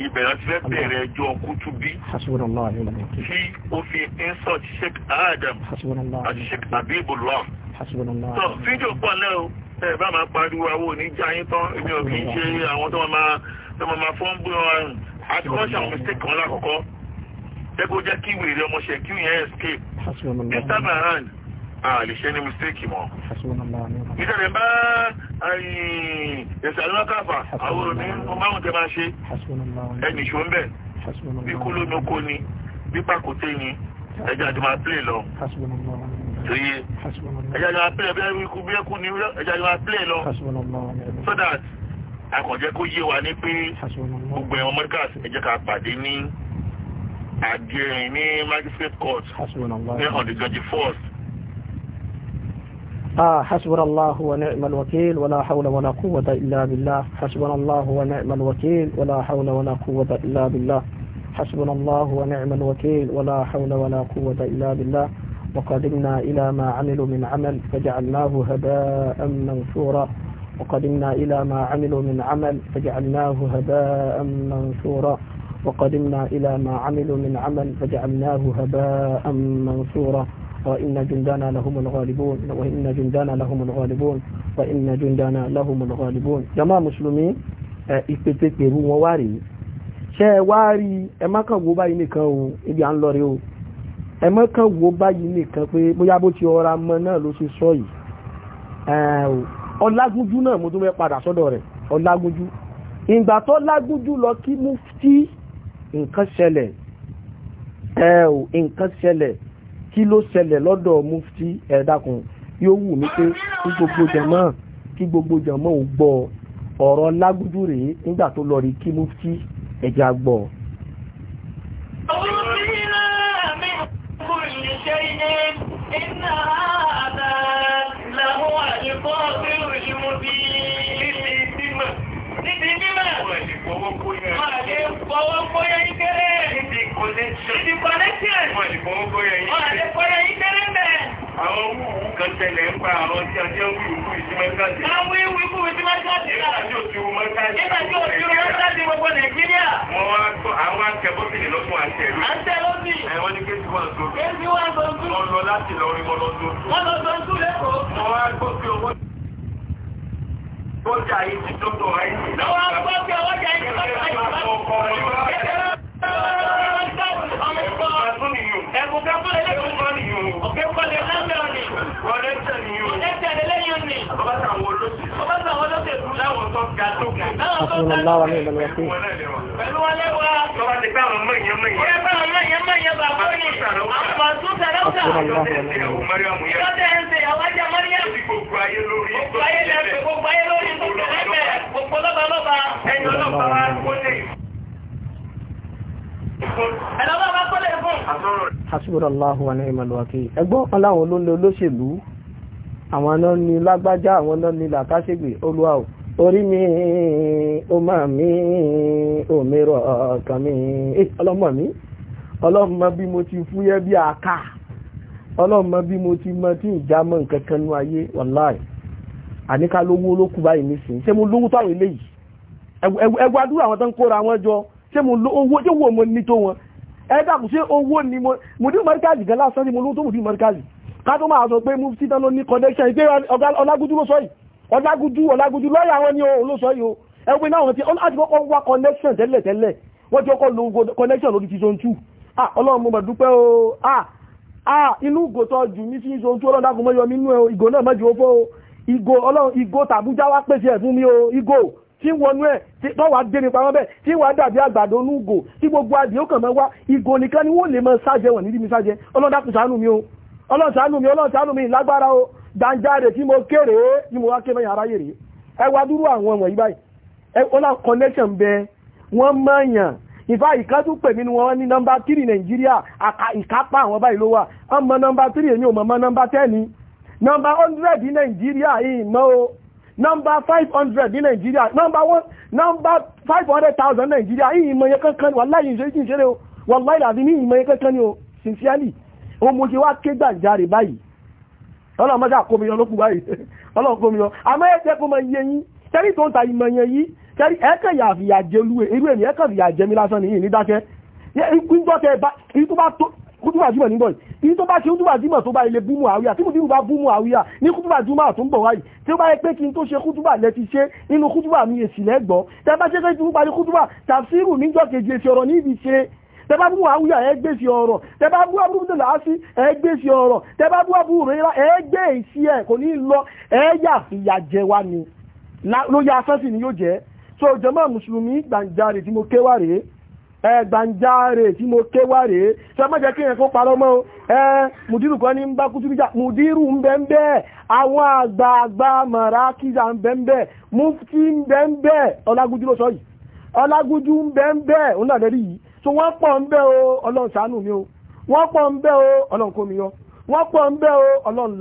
ìbẹ̀rẹ̀ ti fẹ́ bẹ̀rẹ̀ ẹjọ́ kútúbí tí ó fi insult Sheikh Adam àti Sheikh Habibullah tó fídíò pọ̀ náà ẹ bá máa pariwo àwọn oníjàyín tán èmi ò kì í ṣe àwọn tó máa fọ́n bú wọn àti wọ́n ṣe mistake kan lákọ̀ọ́kọ́ jẹ́kó jẹ́ kí wèrè ọmọṣẹ́ kí yẹn escape this time around àlèṣẹ́ ní mistake mọ́ ìṣẹ̀lẹ̀ bá ìṣàlọ́kàfà àwọn òní ọmọbáwọn tẹ máa ṣe ẹni ṣó ń bẹ̀ bí kú ló nókó ni bí pàkóté ni ẹjọ́ àti máa play lọ tóyé ẹjọ́ àti máa play bí ẹkú bí ẹkú ni ẹjọ́ àti máa play lọ so that àkànjẹ́ kó yé wa ní pé gbogbo ẹ̀wọ̀n mọ́ríkà ẹjẹ́ ká pàdé ní ní magistrate court on the آه حسبنا الله ونعم الوكيل ولا حول ولا قوة إلا بالله حسبنا الله ونعم الوكيل ولا حول ولا قوة إلا بالله حسبنا الله ونعم الوكيل ولا حول ولا قوة إلا بالله وقدمنا إلى ما عملوا من عمل فجعلناه هباء منثورا وقدمنا إلى ما عملوا من عمل فجعلناه هباء منثورا وقدمنا إلى ما عملوا من عمل فجعلناه هباء منصورا وإن جندنا لهم الغالبون وإن جندنا لهم الغالبون وإن جندنا لهم الغالبون جماعة مسلمين ìpètèpèrú wọn wá rí ṣe ẹ wá rí ẹ má kàn wo báyìí nìkan o ibi à ń lọ rí o ẹ má kàn wo báyìí nìkan pé bóyá bó ti ọra mọ náà ló ṣe sọ yìí ọlágúnjú náà mo tún fẹ́ padà sọ́dọ̀ rẹ̀ ọlágúnjú ìgbà tó lágúnjú lọ kí mufti nǹkan ṣẹlẹ̀ ẹ ò nǹkan ṣẹlẹ̀ kí ló ṣẹlẹ̀ lọ́dọ̀ mufti ẹ̀dàkùn yóò wù mí pé gbogbo jẹ̀mọ́ kí gbogbo jẹ̀mọ́ ò gbọ́ ọ̀rọ̀ lágúdú rèé nígbà Ìdìkọ̀lẹ́tíẹ̀. Wọ́n ìdìkọ̀lẹ́tíẹ̀. Wọ́n ìdìkọ̀lẹ́tíẹ̀. Àwọn ọjà yìí ti tó tó ayé. Àwọn agbọ́gbẹ́ ọjà yìí tó tó ayé ẹ̀kùn kẹ́kọ̀ọ́ lẹ́yìn ọmọ nìyó ọ̀kẹ́kọ̀ọ́ lẹ́yìn ọmọ nìyó ọ̀lẹ́tẹ̀ nìyó ọ̀lẹ́tẹ̀ lẹ́yìn ọmọ nìyó ọba sàwọn olóṣèlú ọba sàwọn olóṣèlú láwọn tó ga tó kù láwọn tó ga tó kù pẹ̀lú wọlé wa lọ́wọ́ ti gbá àwọn mọ̀nyẹ́ mọ̀nyẹ́ ẹ bá àwọn mọ̀nyẹ́ mọ̀nyẹ́ bá bọ́ ní hasbunallahu wa ni'mal wakeel ẹgbọ́n kan láwọn olóńlé olóṣèlú àwọn náà ní lágbájá àwọn náà ní làkàṣègbè olúwa ò orí mi ó máa mi òmíràn ọ̀kan eh, mi ọlọ́mọ mi ọlọ́mọ bí mo ti fúyẹ́ bí àká ọlọ́mọ bí mo ti mọ tí ìjámọ́ nǹkan kan ní ayé wàláì àníkà lówó olókùn báyìí nísìnyí ṣé mo lówó táwọn eléyìí ẹgbẹ́ àdúrà ṣé mo lo owó tí wò mo ní tó wọn ẹ̀dà kù ṣé owó ni mo dí mọ́ríkàjì gan lásán mo lówó tó mú dí mọ́ríkàjì ká tó máa sọ pé mú sí tánú ní connection ìpé ọlágúdú ló sọ yìí ọlágúdú ọlágúdú lọ́yà wọn ni òun ló sọ yìí o ẹgbẹ́ náà wọn ti láti kọ́kọ́ wá connection tẹ́lẹ̀ tẹ́lẹ̀ wọ́n ti kọ́kọ́ lo connection lórí ti zone ah ọlọ́run mo mà ah ah inú ìgò tó jù mí sí zone two ọlọ́run dákun mọ́ yọ mí nú ẹ o ìgò náà mọ́jú ó fọ́ o ìgò ọlọ́run tí wọnú ẹ̀ tó wà gbé nípa wọn bẹ́ẹ̀ tí wà dàbí àgbàdo núgò tí gbogbo adìẹ ó kàn mọ́ wá ìgò nìkan ni wọ́n lè mọ́ sájẹ wọ̀n nídìí mi sájẹ ọlọ́dà kù ṣàánú mi o ọlọ́run ṣàánú mi ọlọ́run ṣàánú mi lágbára o gbàǹjáre tí mo kéré connection bẹ wọ́n mọ̀yàn ìfá ìkan tún pè mí ni wọ́n ní nọmba tírì nàìjíríà ìkápá àwọn báyìí hundred nàìjíríà yìí mọ́ Number nọ́mbà 500 ní Nàìjíríà nọ́mbà 1 nọ́mbà 500,000 Nàìjíríà yìí ìmọ̀ye kankan wàláyé ìṣẹ́jì ìṣẹ́rẹ́ o wàláyé àti ní ìmọ̀ye kankan ni o sincerely o mo ṣe wá ké gbàjáre báyìí ọlọ́mọdé àkómiyàn ló kù báyìí ọlọ́kómiyàn àmọ́ ẹ̀ tẹ́kọ́ mọ iye yín tẹ́rí tó ń ta ìmọ̀ye yìí tẹ́rí ẹ̀kẹ́ yà fìyà jẹ olúwe irú èmi ẹ̀kẹ́ fìyà jẹ mi lásán nìyí ní dákẹ́ ìyí tó bá ṣe kútùbà jímọ̀ tó bá ilé bú Muawiya tí mo dínú bá bú Muawiya ní kútùbà jímọ̀ tó ń bọ̀ wáyìí tí ó bá yẹ pé kí n tó ṣe kútùbà lẹ ti ṣe nínú kútùbà mi èsì lẹ́gbọ́ tẹ bá ṣe pé tí mo parí kútùbà tàfsírù níjọ́ kejì èsì ọ̀rọ̀ ní ibi ṣe tẹ bá bú Muawiya ẹ gbé sí ọ̀rọ̀ tẹ bá bú Abu Dalaasi ẹ gbé sí ẹ gbé èsì ẹ ni lóye asán sì ni yóò jẹ so ẹgbànjáre tí mo kéwàrè ṣe mọ́ kí ẹ̀kọ́ parọ́ mọ́ ẹ mùdírù kan ní bá kútú bíjà mùdírù ń bẹ́ àwọn àgbààgbà mọ̀rá kíjà ń bẹ́ mufti ń ọlágújú ló sọ so wọ́n pọ̀ ń bẹ́ o ọlọ́run mi o wọ́n pọ̀ ń bẹ́ o ọlọ́run kó mi yọ wọ́n o ọlọ́run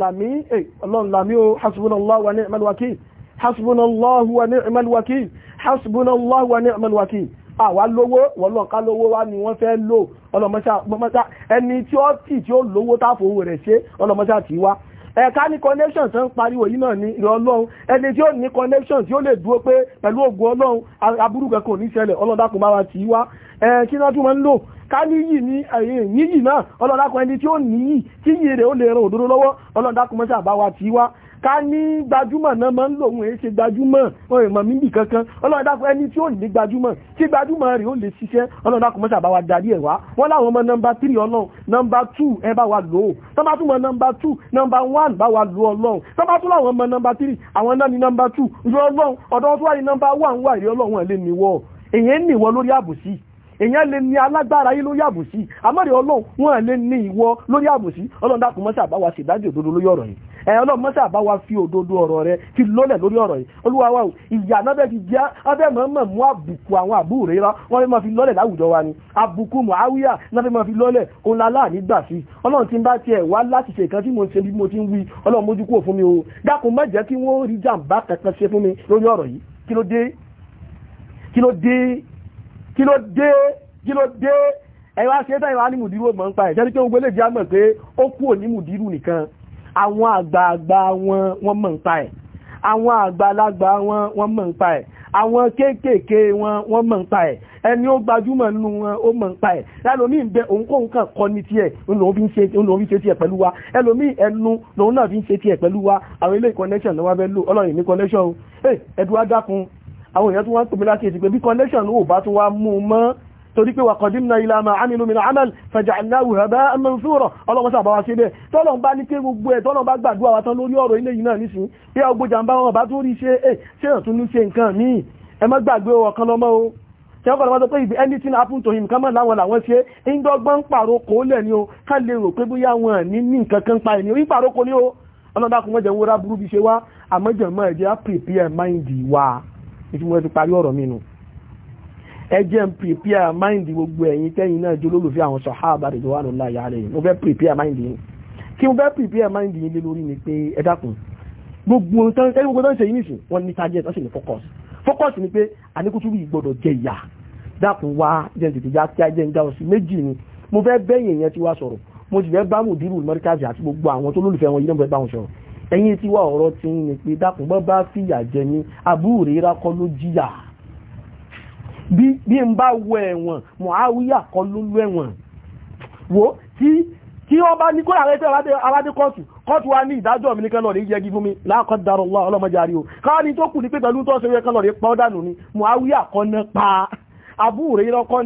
wa ni àwa lówó wọ́lọ́nká lówó wá ni wọ́n fẹ́ lò ọlọ́mọṣá ẹni tí ó tì tí ó lówó táfowó rẹ̀ ṣe ọlọ́mọṣá tí wá ẹ̀ka ní connection tó ń pariwo yìí náà ní ọlọ́run ẹni tí ó ní connection tí ó lè dúró pé pẹ̀lú ògùn ọlọ́run aburú kẹ́kọ̀ọ́ ní ṣẹlẹ̀ ọlọ́dàkùn bá wa tì wá kí náà tún máa ń lò káníyì ní níyì náà ọlọ́dàkùn ẹni tí ó níyì tí yìí rẹ̀ ó lè ran òdodo lọ́wọ́ ọlọ́dàkùn mọ́ṣáà bá wa tì wá ká ní gbajúmọ̀ náà máa ń lò òun èé ṣe gbajúmọ̀ ohun ìmọ̀ mímì kankan ọlọ́run dákun ẹni tí ó ní gbajúmọ̀ tí gbajúmọ̀ rẹ̀ ó lè ṣiṣẹ́ ọlọ́run dákun mọ́ṣà bá wa darí ẹ̀ wá wọ́n láwọn ọmọ nọmba tírì ọlọ́run nọmba tù ẹ bá wa lò ó tọ́ba tún mọ nọmba tù nọmba wán bá wa lò ọlọ́run tọ́ba tún láwọn ọmọ nọmba tírì àwọn náà ní nọmba tù ìrọ̀lọ́run ọ̀dọ́ tó wà ní nọmba wán wà ìrọ̀lọ́run ẹ̀ lé níwọ̀ èyí ń níwọ̀ lórí àbòsí èèyàn lè ní alágbára yìí lórí àbòsí àmọ́rẹ̀ ọlọ́run wọn lè ní ìwọ lórí àbòsí ọlọ́run dákun mọ́sà bá wa ṣèdájọ́ òdodo lórí ọ̀rọ̀ yìí ẹ̀ ọlọ́run mọ́sà bá wa fi òdodo ọ̀rọ̀ rẹ fi lọ́lẹ̀ lórí ọ̀rọ̀ yìí olúwa wa ìyà náà ti jẹ́ abẹ́ mọ̀ọ́mọ̀ mú àbùkù àwọn àbúrò rẹ wọ́n fẹ́ máa fi lọ́lẹ̀ láwùjọ wa ni àbùkù mọ̀áwíyà náà fẹ́ máa fi lọ́lẹ̀ òun lálá nígbà sí ọlọ́run ti ń bá mo ń mo ti ń wí ọlọ́run mójú o dákun má jẹ́ kí wọ́n rí jàǹbá kankan ṣe fún mi lórí kí ló dé kí ló dé kí ló dé ẹwà ṣẹ́tà ìwà ní mùdírù ọmọ ń pa ẹ̀ jẹ́rí pé ogun eléjì àmọ̀ pé ó kúrò ní mùdírù nìkan àwọn àgbààgbà wọn wọ́n mọ̀ ń pa ẹ̀ àwọn àgbàlagbà wọn wọ́n mọ̀ ń pa ẹ̀ àwọn kéékèèké wọn wọ́n mọ̀ ń pa ẹ̀ ẹni ó gbajúmọ̀ nínú wọn ó mọ̀ ń pa ẹ̀ ẹlòmíì ń bẹ òun kóun kàn kọ́ ní tiẹ̀ lòun fi ń ṣe tiẹ̀ pẹ̀lú wa ẹlòmíì ẹnu lòun náà fi ń ṣe tiẹ̀ pẹ̀lú wa àwọn ilé connection náà wá fẹ́ lò ọlọ́run ní connection ẹ̀ẹ́dùn á dákun àwọn èèyàn tó wá ń pè mí lákèsí pé bí connection ó bá tó wá mú un mọ́ torí pé wàkọ̀dínà ilá ma àmìnú mìíràn amal fàjàláwù àbá mẹ́sùrọ̀ ọlọ́wọ́sà àbáwá sí bẹ́ tọ́lọ̀ bá ní pé gbogbo ẹ̀ tọ́lọ̀ bá gbàdúrà wa tán lórí ọ̀rọ̀ ilé yìí náà nísìn pé ọgbọ́jà ń bá wọn bá tó rí ṣe é ṣe hàn tún ní ṣe nǹkan míì ẹ má gbàgbé ọ̀kan lọ́mọ o ṣẹ́kọ̀ọ́ lọ́wọ́ pé if anything happen to him kánmọ́ láwọn làwọn ṣe ń dọ́gbọ́n pàrọ̀ kó lẹ̀ ni o ká lè rò pé bóyá wọn ní ní nǹkan kan pa ẹ̀ ni o ń pàrọ̀ kó ní o ọlọ́dà kò wọ́n jẹ́ wọ́n rá burú bí ṣe wá àmọ́jọ̀mọ́ ẹ̀jẹ̀ á prepare mind wa ìfi mo fi parí ọ̀rọ̀ mi nù ẹ jẹ́ n prepare mind gbogbo ẹ̀yin tẹ́yin náà jẹ́ olólùfẹ́ àwọn sàhábà ridwanullahi alayhim mo fẹ́ prepare mind yín kí mo fẹ́ prepare mind yín lé lórí ni pé ẹ dákun gbogbo tán tẹ́yin gbogbo tán ṣe yín nìsín wọ́n ní target wọ́n sì ní focus focus ni pé àníkútúrú ìgbọ́dọ̀ jẹ ìyà dákun wá jẹ́ tètè já kí á jẹ́ ń já òsì méjì ni mo fẹ́ bẹ́yìn ẹ̀yìn tí wà ọ̀rọ̀ ti ń ní pé dákùn bọ́ bá fìyà jẹ ní àbúrò rírá kọ́ ló jìyà bí n bá wọ ẹ̀wọ̀n Muawiya kọ́ ló lọ ẹ̀wọ̀n wo tí tí wọ́n bá ní kó ààrẹ tí aládé kọ́ọ̀tù kọ́ọ̀tù wa ní ìdájọ́ mi ní kẹ́lọ̀ rí yẹgi fún mi láàkọ́dárọ̀ kọ́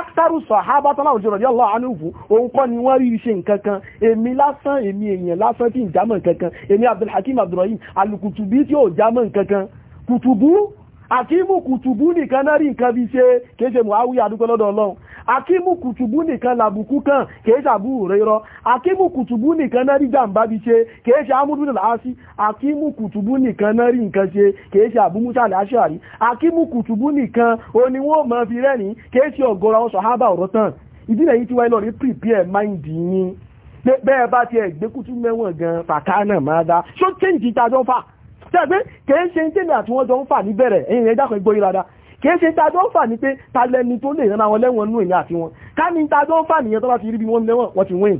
aktaru sọ̀hábá tọ́lá òjò rọ̀dí ọlọ́ àánúfù òun kọ́ ni wọ́n rí iṣẹ́ nǹkan kan èmi lásán èmi èèyàn lásán tí ìjámọ̀ nǹkan èmi abdulhakim abdulrahim alukutubi tí ò jámọ̀ nǹkan kutubu akímù kùtùbú nìkan náà rí nǹkan bí ṣe kéèṣe mùháwí àdúgbò ọlọ́run akímù kùtùbú nìkan làbùkú kan kéèṣe àbúrò rẹ rọ akímù kùtùbú nìkan náà rí jàǹbá bí ṣe kéèṣe amúdúrú làásí akímù kùtùbú nìkan náà rí nǹkan ṣe kéèṣe àbúmúṣà làásàrí akímù kùtùbú nìkan oníwọ̀n mọ́ fi rẹ́rìn kéèṣe ọ̀gọ́ra ọ̀sọ̀ hábà ọ̀rọ̀ tán ìdí lẹ́yìn tí wáyé lọ rí prepare mind yín bẹ́ẹ̀ bá ti ẹ̀ gbé kútú mẹ́wọ̀n gan fà tẹ́gbé kìí ṣe tí àti wọ́n jọ ń fà ní bẹ̀rẹ̀ èyí ẹjákan ìgbóyí rada kìí ṣe tàjọ ń fà ní pé talẹni tó lè rán àwọn lẹ́wọ̀n nú èyí àti wọn ká ní tàjọ ń fà nìyẹn tó bá ti rí bí wọ́n lẹ́wọ̀n wọ́n ti wọ́n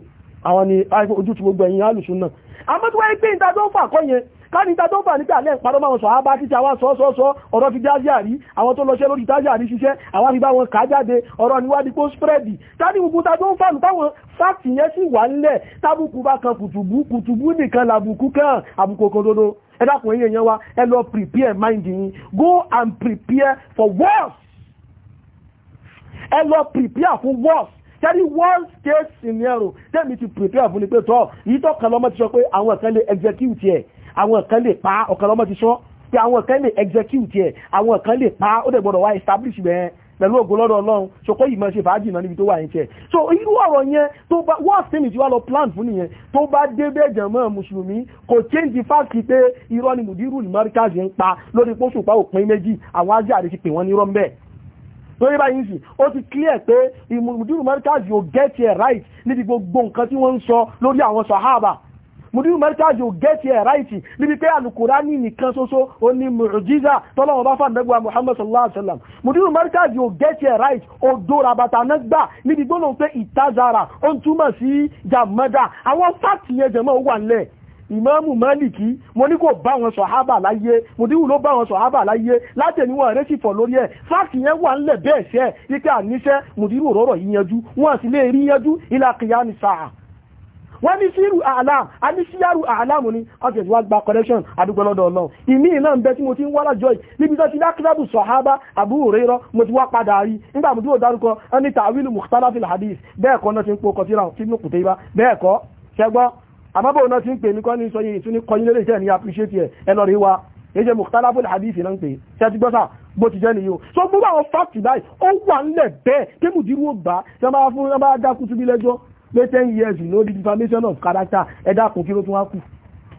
àwọn ni ojú ti gbogbo ẹ̀yìn alùsùn náà àmọ́ tí wọ́n rí pé ìtajọ ń fà kọ́ yẹn ká ní ìtajọ ń fà ní pé alẹ́ ìparọ́ máa sọ àbá títí àwọn sọ sọ sọ ọ̀rọ̀ fi dájíà rí àwọn tó lọ ṣe bá kan kùtùbù kùtùbù nìkan làbùkù kan àbùkù ẹ dákun ẹ̀yin èèyàn wa ẹ lọ prepare mind yín go and prepare for worse ẹ lọ prepare fún worse tẹ́lí worst case scenario tẹ́mi ti prepare fún ni pé tọ́ yìí tó kan lọ́mọ ti sọ pé àwọn kan lè execute ẹ̀ àwọn kan lè pa ọ̀kan lọ́mọ ti sọ pé àwọn kan lè execute ẹ̀ àwọn kan lè pa ó dẹ̀ gbọ́dọ̀ wá establish bẹ́ẹ̀ pẹ̀lú ògo lọ́dọ̀ ọlọ́run ṣokó yìí máa ṣe fàájì náà níbi tó wà yẹn so irú ọ̀rọ̀ yẹn tó bá wọ́n sẹ́mi tí lọ plan fún nìyẹn tó bá dé bẹ́ẹ̀ jẹ̀ mọ́ mùsùlùmí kò change fáàkì pé irọ́ ni mùdírù mọ́ríkàsì ń pa lórí pósùpá òpin méjì àwọn ajé àdé ti pè wọ́n ní irọ́ mbẹ́ẹ̀ torí báyìí sì ó ti clear pé ìmùdírù mọ́ríkàsì ò get it right níbi gbogbo nǹkan tí wọ́n ń sọ lórí àwọn sàhábà mùdírù mẹ́ríkàjì ò gẹ́ẹ̀tì ẹ̀ ráìtì níbi pé alùkùránì nìkan ṣoṣo ó ní mùjíza tọ́lọ́wọ́ bá fà nẹ́gbà muhammad sallallahu alaihi wasallam mùdírù mẹ́ríkàjì ò gẹ́ẹ̀tì ẹ̀ ráìtì ó dóra bàtà nẹ́gbà níbi gbóná pé ìtazara ó ń túmọ̀ sí jàmọ́dà àwọn fáàtì yẹn jẹ̀mọ́ wà nílẹ̀ ìmáàmù Málìkì mo ní kò bá wọn sọ̀hábà láyé mùdíwù ló bá wọn sọ̀hábà láyé látẹ̀ni wọn rẹ́sì fọ̀ lórí ẹ̀ fáàkì yẹn wà ńlẹ̀ bẹ́ẹ̀ sẹ́ wípé àníṣẹ́ mùdíwù rọ̀rọ̀ yíyanjú wọn sì lè rí yanjú ìlàkìyà ní sáà wọ́n ní sírù àlá a ní síyàrù àlá mú ní ọ̀sẹ̀ tí wá gba correction adúgbọ́lọ́dọ̀ ọlọ́run ìmí iná ń bẹ tí mo ti ń wá lájọ́ yìí níbi tó ti lákìlábù sọ̀hábà Abu Hurairah mo ti wá padà rí nígbà mo dúró dárúkọ ẹni tàwílù mukhtalafil hadith bẹ́ẹ̀ kọ́ náà ti ń po kọtíra tí ní kùtẹ́ ibá bẹ́ẹ̀ kọ́ ṣẹgbọ́ àmọ́bọ̀ náà ti ń pè ní kọ́ ní sọ yìí tún ní kọyín lélẹ̀ iṣẹ́ ní appreciate ẹ̀ ẹ lọ rí wa èyí jẹ́ mukhtalafil hadith náà ń pè ṣẹ́ ti gbọ́sà bó ti jẹ́ nìyí o so gbogbo àwọn fáàtì báyìí ó wà ńlẹ̀ bẹ́ẹ̀ kí mùdírú ó gbà tí wọ́n bá fún wọn bá dákú síbi lẹ́jọ́ pé ten years you know the information of character ẹ dákun kí ló tún wá kù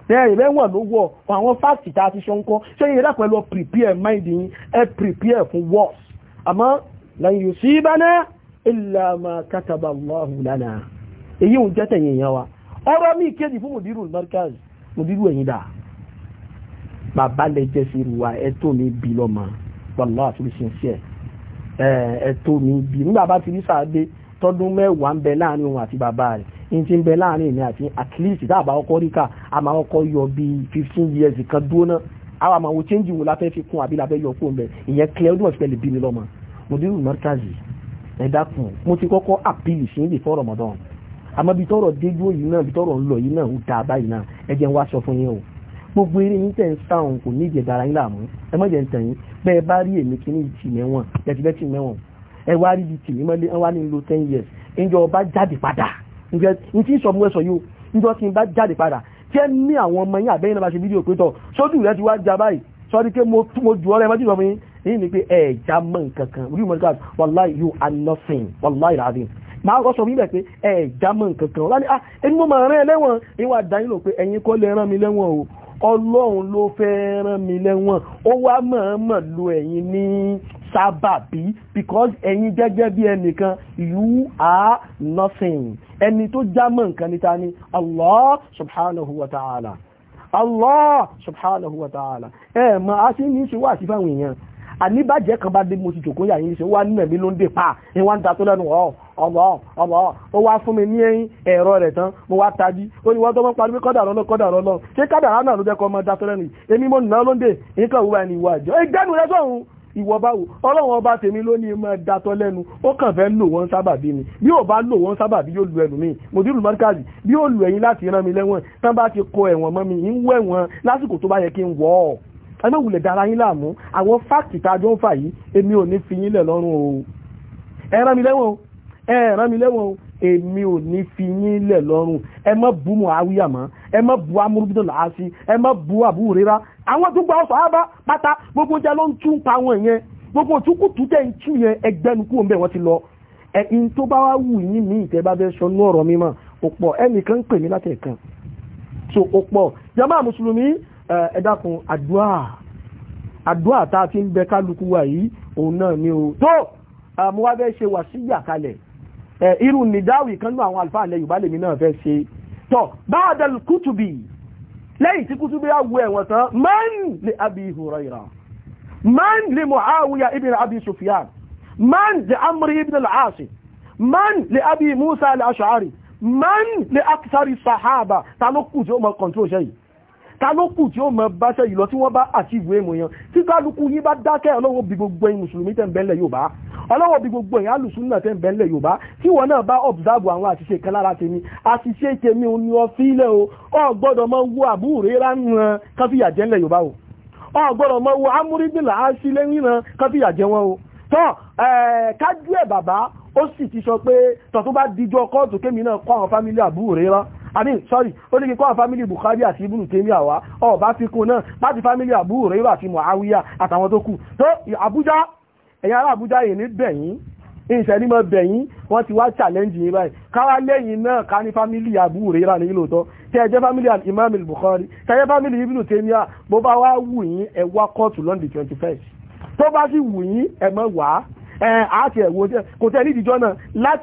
bẹ́ẹ̀ rẹ́wọ̀n ló wọ̀ àwọn fáàtì tá a ti sọ ń kọ́ ṣé yẹn dákun ẹ lọ prepare mind yín ẹ prepare fún worse àmọ́ lẹ́yìn yusibana illa ma kataba Allahu lana èyí òun jẹ́ tẹ̀yìn èèyàn wa ọ̀rọ̀ mi kéde fún mùdírù markaz mùdírù ẹ̀yìn dà bàbá lẹ́jẹ́ sí ruwa ẹ tó mi bí lọ́mọ wàlúwà tó fi ń ṣe ẹ ẹ mi bí nígbà bá ti rí sáà dé tọdún mẹ́wàá ń bẹ láàrin òun àti bàbá rẹ̀ in ti ń bẹ láàrin èmi àti at least tá àbá ọkọ ríkà a máa ọkọ yọ bí fifteen years kan dúró àwọn àmàwò change wo la fẹ́ fi kún àbí la fẹ́ yọ kó ń bẹ ìyẹn clear ọdún ọ̀sẹ̀ lè bí mi lọ́mọ mo dé mọ́tàzì ẹ dákun mo ti kọ́kọ́ àpìlì sí ibi fọ́rọ̀ mọ́dán àmọ́ ibi tọ́rọ̀ dédúró yìí náà ibi tọ́rọ̀ ń lọ yìí náà ó dáa báyìí náà ẹ ń wá sọ fún yín o gbogbo eré yín tẹ̀ ń sáwọn kò ní ìjẹ̀dára yín láàmú ẹ mọ̀jẹ̀ ń tẹ̀yìn bẹ́ẹ̀ bá rí èmi kí ní ìtì mẹ́wọ̀n ẹ̀ ti bẹ́ẹ̀ mẹ́wọ̀n ẹ wá rí ibi tì mí mọ́lé ẹ ní lo ten years ǹjọ́ ọba jáde padà ǹjẹ́ n tí ń sọ mú ẹ sọ yìí o ǹjọ́ tí ń bá jáde padà tí ẹ ní àwọn ọmọ yín àbẹ́yìn náà bá ṣe fídíò pé tọ̀ sódù rẹ ti wá já báyìí sọ́ni pé mo jù ọ́ rẹ mọ́jú sọ fún yín èyí ni pé ẹ já mọ́ you are nothing wàláì ràdín máa kọ́ sọ fún ibẹ̀ pé ah ẹni mo máa rán ẹ lẹ́wọ̀n ìwà dáyìn lò pé ẹ̀yin kọ́ lè rán mi lẹ́wọ̀n o ọlọ́run ló fẹ́ rán mi lẹ́wọ̀n ó wá mọ̀ọ́mọ̀ lo ẹ̀yin ní sábàbí because ẹ̀yin gẹ́gẹ́ bí ẹnìkan you are nothing ẹni tó jámọ́ nǹkan níta ni Allah subhanahu wa ta'ala Allah subhanahu wa ta'ala ẹ mọ̀ a sì ní ṣe wà sí fáwọn èèyàn àníbàjẹ́ kan bá dé mo ti jòkó yà yín ṣe wà nínú ẹ̀mí ló ń dè pa ẹ wá ń ta tó lẹ́nu ọ̀ ọ̀bọ̀ ọ̀bọ̀ ó wá fún mi ní ẹ̀rọ rẹ̀ tán mo wá tají ó ní wọ́n tó mọ́ parí pé kọ́dà rọ́lọ́ kọ́dà rọ́lọ́ ṣé kádà ránà ló jẹ́ kọ́ ọmọ dátọ́rẹ́nì èmi mo nà ló ń dè nǹkan òwúwa ẹni ìwà àjọ ìgbẹ́nu rẹ sọ̀rùn ìwọ báwo ọlọ́run ọba tèmi ló ní mọ́ datọ́ lẹ́nu ó kàn fẹ́ lò wọ́n sábàbí ni bí ò bá lò wọ́n sábàbí yóò lu ẹnu mi mòdìrú mọ́ríkàzì bí ó lu ẹ̀yìn láti rán mi lẹ́wọ̀n tán bá ti kọ ẹ̀wọ̀n mọ́ mi ń wẹ̀ wọ́n lásìkò tó bá yẹ kí n wọ̀ ọ́ ẹgbẹ́wùlẹ̀ dára yín láàmú àwọn fáàkì tá a jọ ń fà yìí èmi ò ní fi yín lẹ̀ lọ́rùn o ẹ rán mi lẹ́wọ̀n ẹ rán mi lẹ́wọ̀n èmi ò ní fi yín lẹ̀ lọ́rùn ẹ má bu Muawiya mọ́ ẹ má bu amúrúbídọ̀ làásì ẹ má bu àbúrò àwọn tó gba ọ̀sọ̀ ábá pátá gbogbo jẹ́ ló ń tún pa wọn yẹn gbogbo òtúkùtù tẹ̀ ń tún yẹn ẹgbẹ́nukú ń bẹ̀ wọ́n ti lọ ẹ̀yìn tó bá wá wù yín ní ìtẹ́ bá ọ̀rọ̀ mímọ́ ó ẹnìkan pè mí láti so ó pọ̀ jama mùsùlùmí ẹ dákun àdúà àdúà tá a ti ń bẹ kálukú wa yìí òun náà ni o tó mo wá fẹ́ ṣe wàsíyà kalẹ̀ irú nìdáwì kan ní àwọn àlùfáà ilẹ̀ Yorùbá lèmi náà fẹ́ ṣe tọ́ báàdàl kútùbì lẹ́yìn tí kútúbí yá wọ ẹ̀wọ̀n tán man li abi hurayra man li muawiya ibn abi sufyan man li amri ibn al-asi man li abi musa al-ash'ari man li aksari sahaba ta ló kù tí ó mọ kọ̀ntró ṣe yìí ta ló kù tí ó mọ bá bá ọlọ́wọ́ bí gbogbo èèyàn alùsùn náà tẹ́ ń bẹ́ńlẹ̀ yorùbá tí wọn náà bá ọ̀bùsáàbù àwọn àṣìṣe kan lára tèmi àṣìṣe tèmi ò ní ọ o ọ gbọ́dọ̀ mọ wo àbúrẹ́ ránran káfíyà jẹ́ ńlẹ̀ yorùbá o ọ gbọ́dọ̀ mọ wo amúrídìlà àṣìlẹ̀ ríran káfíyà jẹ́ wọn o tọ́ kájú ẹ̀ bàbá ó sì ti sọ pé tọ̀tún bá dijọ́ kóòtù kémi náà kọ́ àwọn fámílì àbúrẹ́ rán I mean sorry ó ní kí kọ́ fámílì Bukhari àti ibùnù tèmi àwá ọ̀bá fi kó náà láti fámílì àbúrẹ́ àti Muawiya àtàwọn tó kù tó Abuja ẹ̀yin ará Àbújá yìí ní bẹ̀yìn ìṣẹ́ ní mọ́ bẹ̀yìn wọ́n ti wá challenge yìí báyìí káwá lẹ́yìn náà ká ní fámílì àbúrò rẹ̀ rà ní ìlòótọ́ tẹ́ ẹjẹ́ fámílì Imam Bukhari tẹ́jẹ́ fámílì Ibn Taymiyyah bó bá wá wù yín ẹ wá kóòtù lọ́ndì 21st tó bá sì wù yín ẹ má wá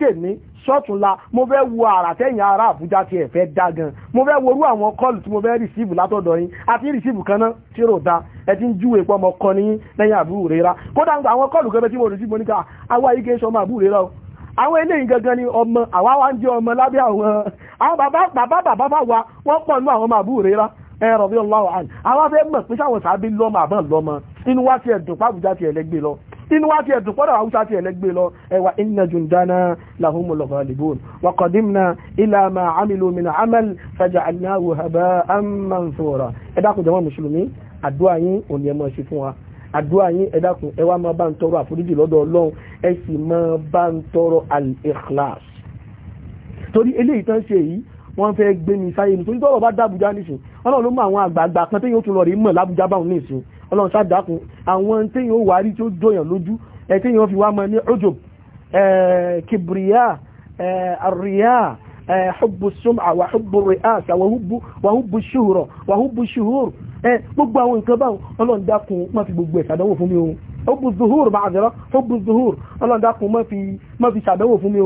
ẹ̀ sọ́túnla mo fẹ́ wo àrà tẹ́yìn ará àbújá tí ẹ̀ fẹ́ dá gan mo fẹ́ worú àwọn kọ́ọ̀lù tí mo fẹ́ rìsíìbù látọ̀dọ̀ yín àti rìsíìbù kan náà tí rò da ẹ ti ń júwe pọ́ ọmọ kan ní lẹ́yìn àbúrò rẹ ra kódà nípa àwọn kọ́ọ̀lù kan tí mo rìsíìbù níka àwa yìí kì í sọmọ àbúrò rẹ ra o àwọn eléyìí gangan ni ọmọ àwa wa ń jẹ ọmọ lábẹ́ àwọn àwọn bàbá bàbá bàbá bá wa wọ́n pọ̀ nínú àwọn ọmọ àbúrò rẹ ra ẹ rọ̀bí ọlọ́wọ́ àwọn afẹ́ mọ̀ pé sáwọn sàábí lọ́mọ àbọ̀ lọ́mọ inú wa ti ẹ̀dùn pàbùjá ti ẹ̀lẹ́gbẹ́ lọ inú wá ti ẹ̀dùn pọ́dọ̀ haúsá ti ẹ̀lẹ́gbẹ́ lọ ẹwà inna jundana lahumul ghalibun wa qadimna ila ma amilu min amal faja'alnahu haba'an mansura ẹ dákun jàmá mùsùlùmí àdúrà yín òní ẹ máa ṣe ń tọrọ àforíjì lọ́dọ̀ Ọlọ́run ẹ sì máa bá ń tọrọ al-ikhlas torí eléyìí tán ṣe ọlọ́run sádàkùn àwọn téèyàn ó wà rí tí ó jọyàn lójú ẹ téèyàn fi wá mọ ní ujub kibriya arriya hubbu sum'a wa hubbu ri'asa wa hubbu wa shuhur gbogbo àwọn nǹkan báwọn ọlọ́run dákun fi gbogbo ẹ̀ hubbu zuhur ba'dira hubbu zuhur ọlọ́run dákun má fi sàdánwò fún mi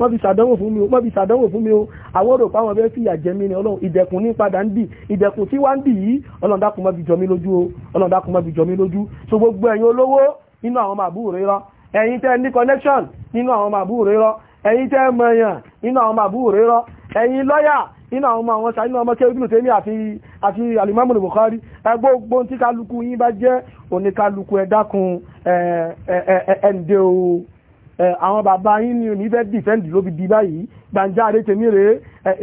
wọ́n fi sàdánwò fún mi o wọ́n fi sàdánwò fún mi o àwọn rò páwọn fẹ́ fi ìyàjẹ́ mi ni ọlọ́run ìdẹ̀kùn ní padà ń dì ìdẹ̀kùn tí wá ń dì yìí ọlọ́run dákun má fi jọ mí lójú o ọlọ́run dákun má fi jọ lójú so gbogbo ẹ̀yin olówó nínú àwọn ọmọ rẹ rọ ẹ̀yin tẹ́ ní connection nínú àwọn ọmọ àbúrò rẹ rọ ẹ̀yin tẹ́ mọ̀yàn nínú àwọn ọmọ àbúrò rẹ rọ ẹ̀yin lọ́yà nínú àwọn ọmọ àwọn sàínú ọmọ kẹrìbìnú tèmi àti alìmọ́mù Bukhari ẹgbógbón tí kálukú yín bá jẹ́ oníkálukú ẹ dákun ẹ̀ẹ́dẹ́ o àwọn bàbá yín ni òní fẹ́ dìfẹ́ǹdì ló fi di báyìí gbàǹjà àrẹ tèmi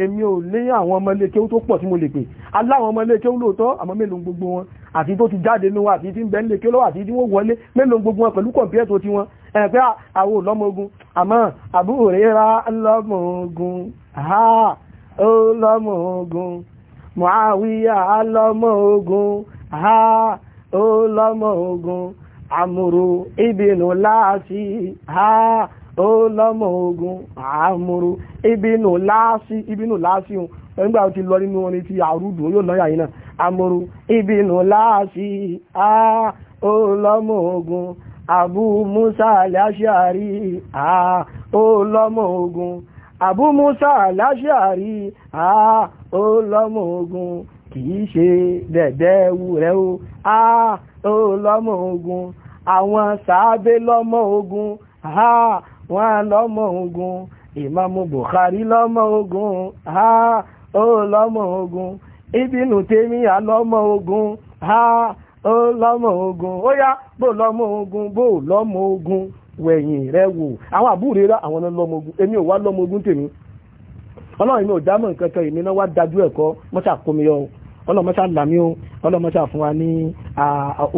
èmi ò léyìn àwọn ọmọ iléekéwú tó pọ̀ tí mo lè pè aláwọn ọmọ iléekéwú lóòótọ́ àmọ́ mélòó gbogbo wọn àti tó ti jáde lówó àti tí ń bẹ níléeké lọ́wọ́ àti tí wọ́n wọlé mélòó gbogbo wọn pẹ̀lú kọ̀m̀pútà tó ti ẹ̀pẹ́ àwọn olọ́mọogun àmọ́ àbúrò amúrú ìbínú láàásí ha ó lọ́mọ ogun amúrú ìbínú láàásí ìbínú láàásí un nígbà tí lọ nínú orin ti àrúdù yóò náà yàyìn náà amúrú ìbínú láàásí ha ó lọ́mọ ogun àbú musa aláṣàárí ha ó lọ́mọ ogun àbú musa aláṣàárí ha ó lọ́mọ ogun kì í ṣe dẹ̀dẹ̀ wù rẹ o a ó lọ́mọ ogun àwọn sàábé lọ́mọ ogun a wọ́n lọ́mọ ogun ìmáàmù Bukhari lọ́mọ ogun a ó lọ́mọ ogun Ibnu Tèmíyà lọ́mọ ogun a ó lọ́mọ ogun ó yá bó lọ́mọ ogun bó lọ́mọ ogun wẹ̀yìn rẹ wò àwọn àbúrò rẹ àwọn náà lọ́mọ ogun èmi ò wá lọ́mọ ogun tèmi ọlọ́run mi ò dámọ̀ nǹkan kan ìmínà wá dájú ẹ̀kọ́ mọ́ṣàkómi yọ ọlọ́mọṣà làmí o ọlọ́mọṣà fún wa ní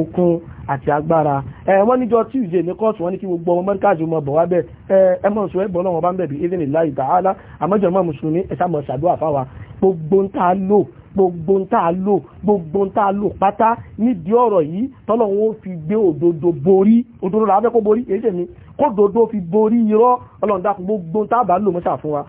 okun àti agbára ẹ wọ́n níjọ tuesday ní kóòtù wọ́n ní kí gbogbo ọmọ mọ́ríkàjù mọ́ bọ̀ wá bẹ́ẹ̀ ẹ ẹ mọ̀ sọ ẹ̀bọ̀ ọlọ́run bá ń bẹ̀bí ìdílé láì tààlà àmọ́jọ́ mọ́ mùsùlùmí ẹ̀sà mọ̀ ṣàdúrà fáwa gbogbo ń ta lò gbogbo ń lò pátá nídìí ọ̀rọ̀ yìí tọ́lọ́run fi gbé òdodo borí òdodo làwọn fẹ́ kó borí èyí tèmi kó dodo fi borí irọ́ ọlọ́run dákun gbogbo tábà lò fún wa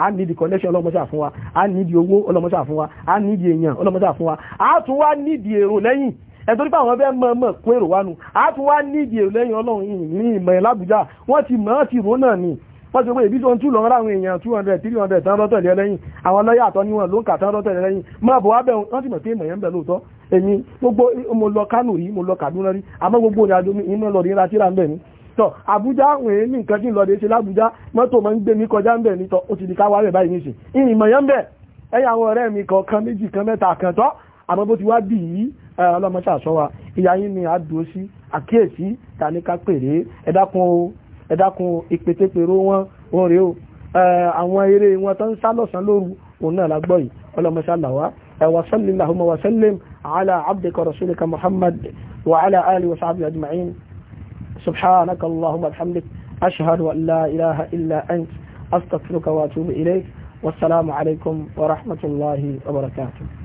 a nídi connection ọlọ́mọṣà fún wa a nídi owó ọlọ́mọṣà fún wa a nídi èèyàn ọlọ́mọṣà fún wa a tún wá nídi èrò lẹ́yìn ẹ̀tọ́rí pàwọn bẹ́ mọ̀ mọ̀ kó èrò wánu a tún wá nídi èrò lẹ́yìn ọlọ́run ní ìmọ̀ ẹ̀ lábújá wọ́n ti mọ̀ ti rò náà ni wọ́n ti pé ìbí tó ń túlọ̀ ráwọn èèyàn 200 300 tán rọ́tọ̀ ilẹ̀ lẹ́yìn àwọn lọ́yà àtọ́ níwọ̀n ló ń kà tán rọ́tọ̀ ilẹ̀ lẹ́yìn máa bọ̀ wá wọ́n ti mọ̀ pé ìmọ̀yẹ́ ń bẹ̀ lóòótọ́ èmi gbogbo mo lọ Kánò rí mo lọ Kàdúná àmọ́ gbogbo ìrìnàjò mi ìmọ̀ ra tíra ń bẹ̀ ni tọ̀ Àbújá àwọn èèyàn ní nǹkan tí ń lọ dé ṣe lábújá mọ́tò máa ń gbé mi kọjá ń bẹ̀ nítọ́ ó ti di káwá rẹ̀ báyìí nìṣe ìrìnmọ̀ yẹn ń bẹ̀ ẹ̀yà àwọn ọ̀rẹ́ mi kọ̀ọ̀kan méjì kan mẹ́ta kan tọ́ àmọ́ bó ti wá bì í ọlọ́mọṣà sọ wa ìyá yín ni àdúró sí àkíyèsí tàníkà pèrè ẹ̀dákun ìpètèpèrò wọn wọn rèé o àwọn eré wọn tó ń sá lọ́sàn-án lóru òun náà lágbọ́ yìí ọlọ́mọṣà làwá وصل اللهم وسلم على عبدك ورسولك محمد وعلى آله وصحبه أجمعين سبحانك اللهم بحمدك أشهد أن لا إله إلا أنت أستغفرك وأتوب إليك والسلام عليكم ورحمة الله وبركاته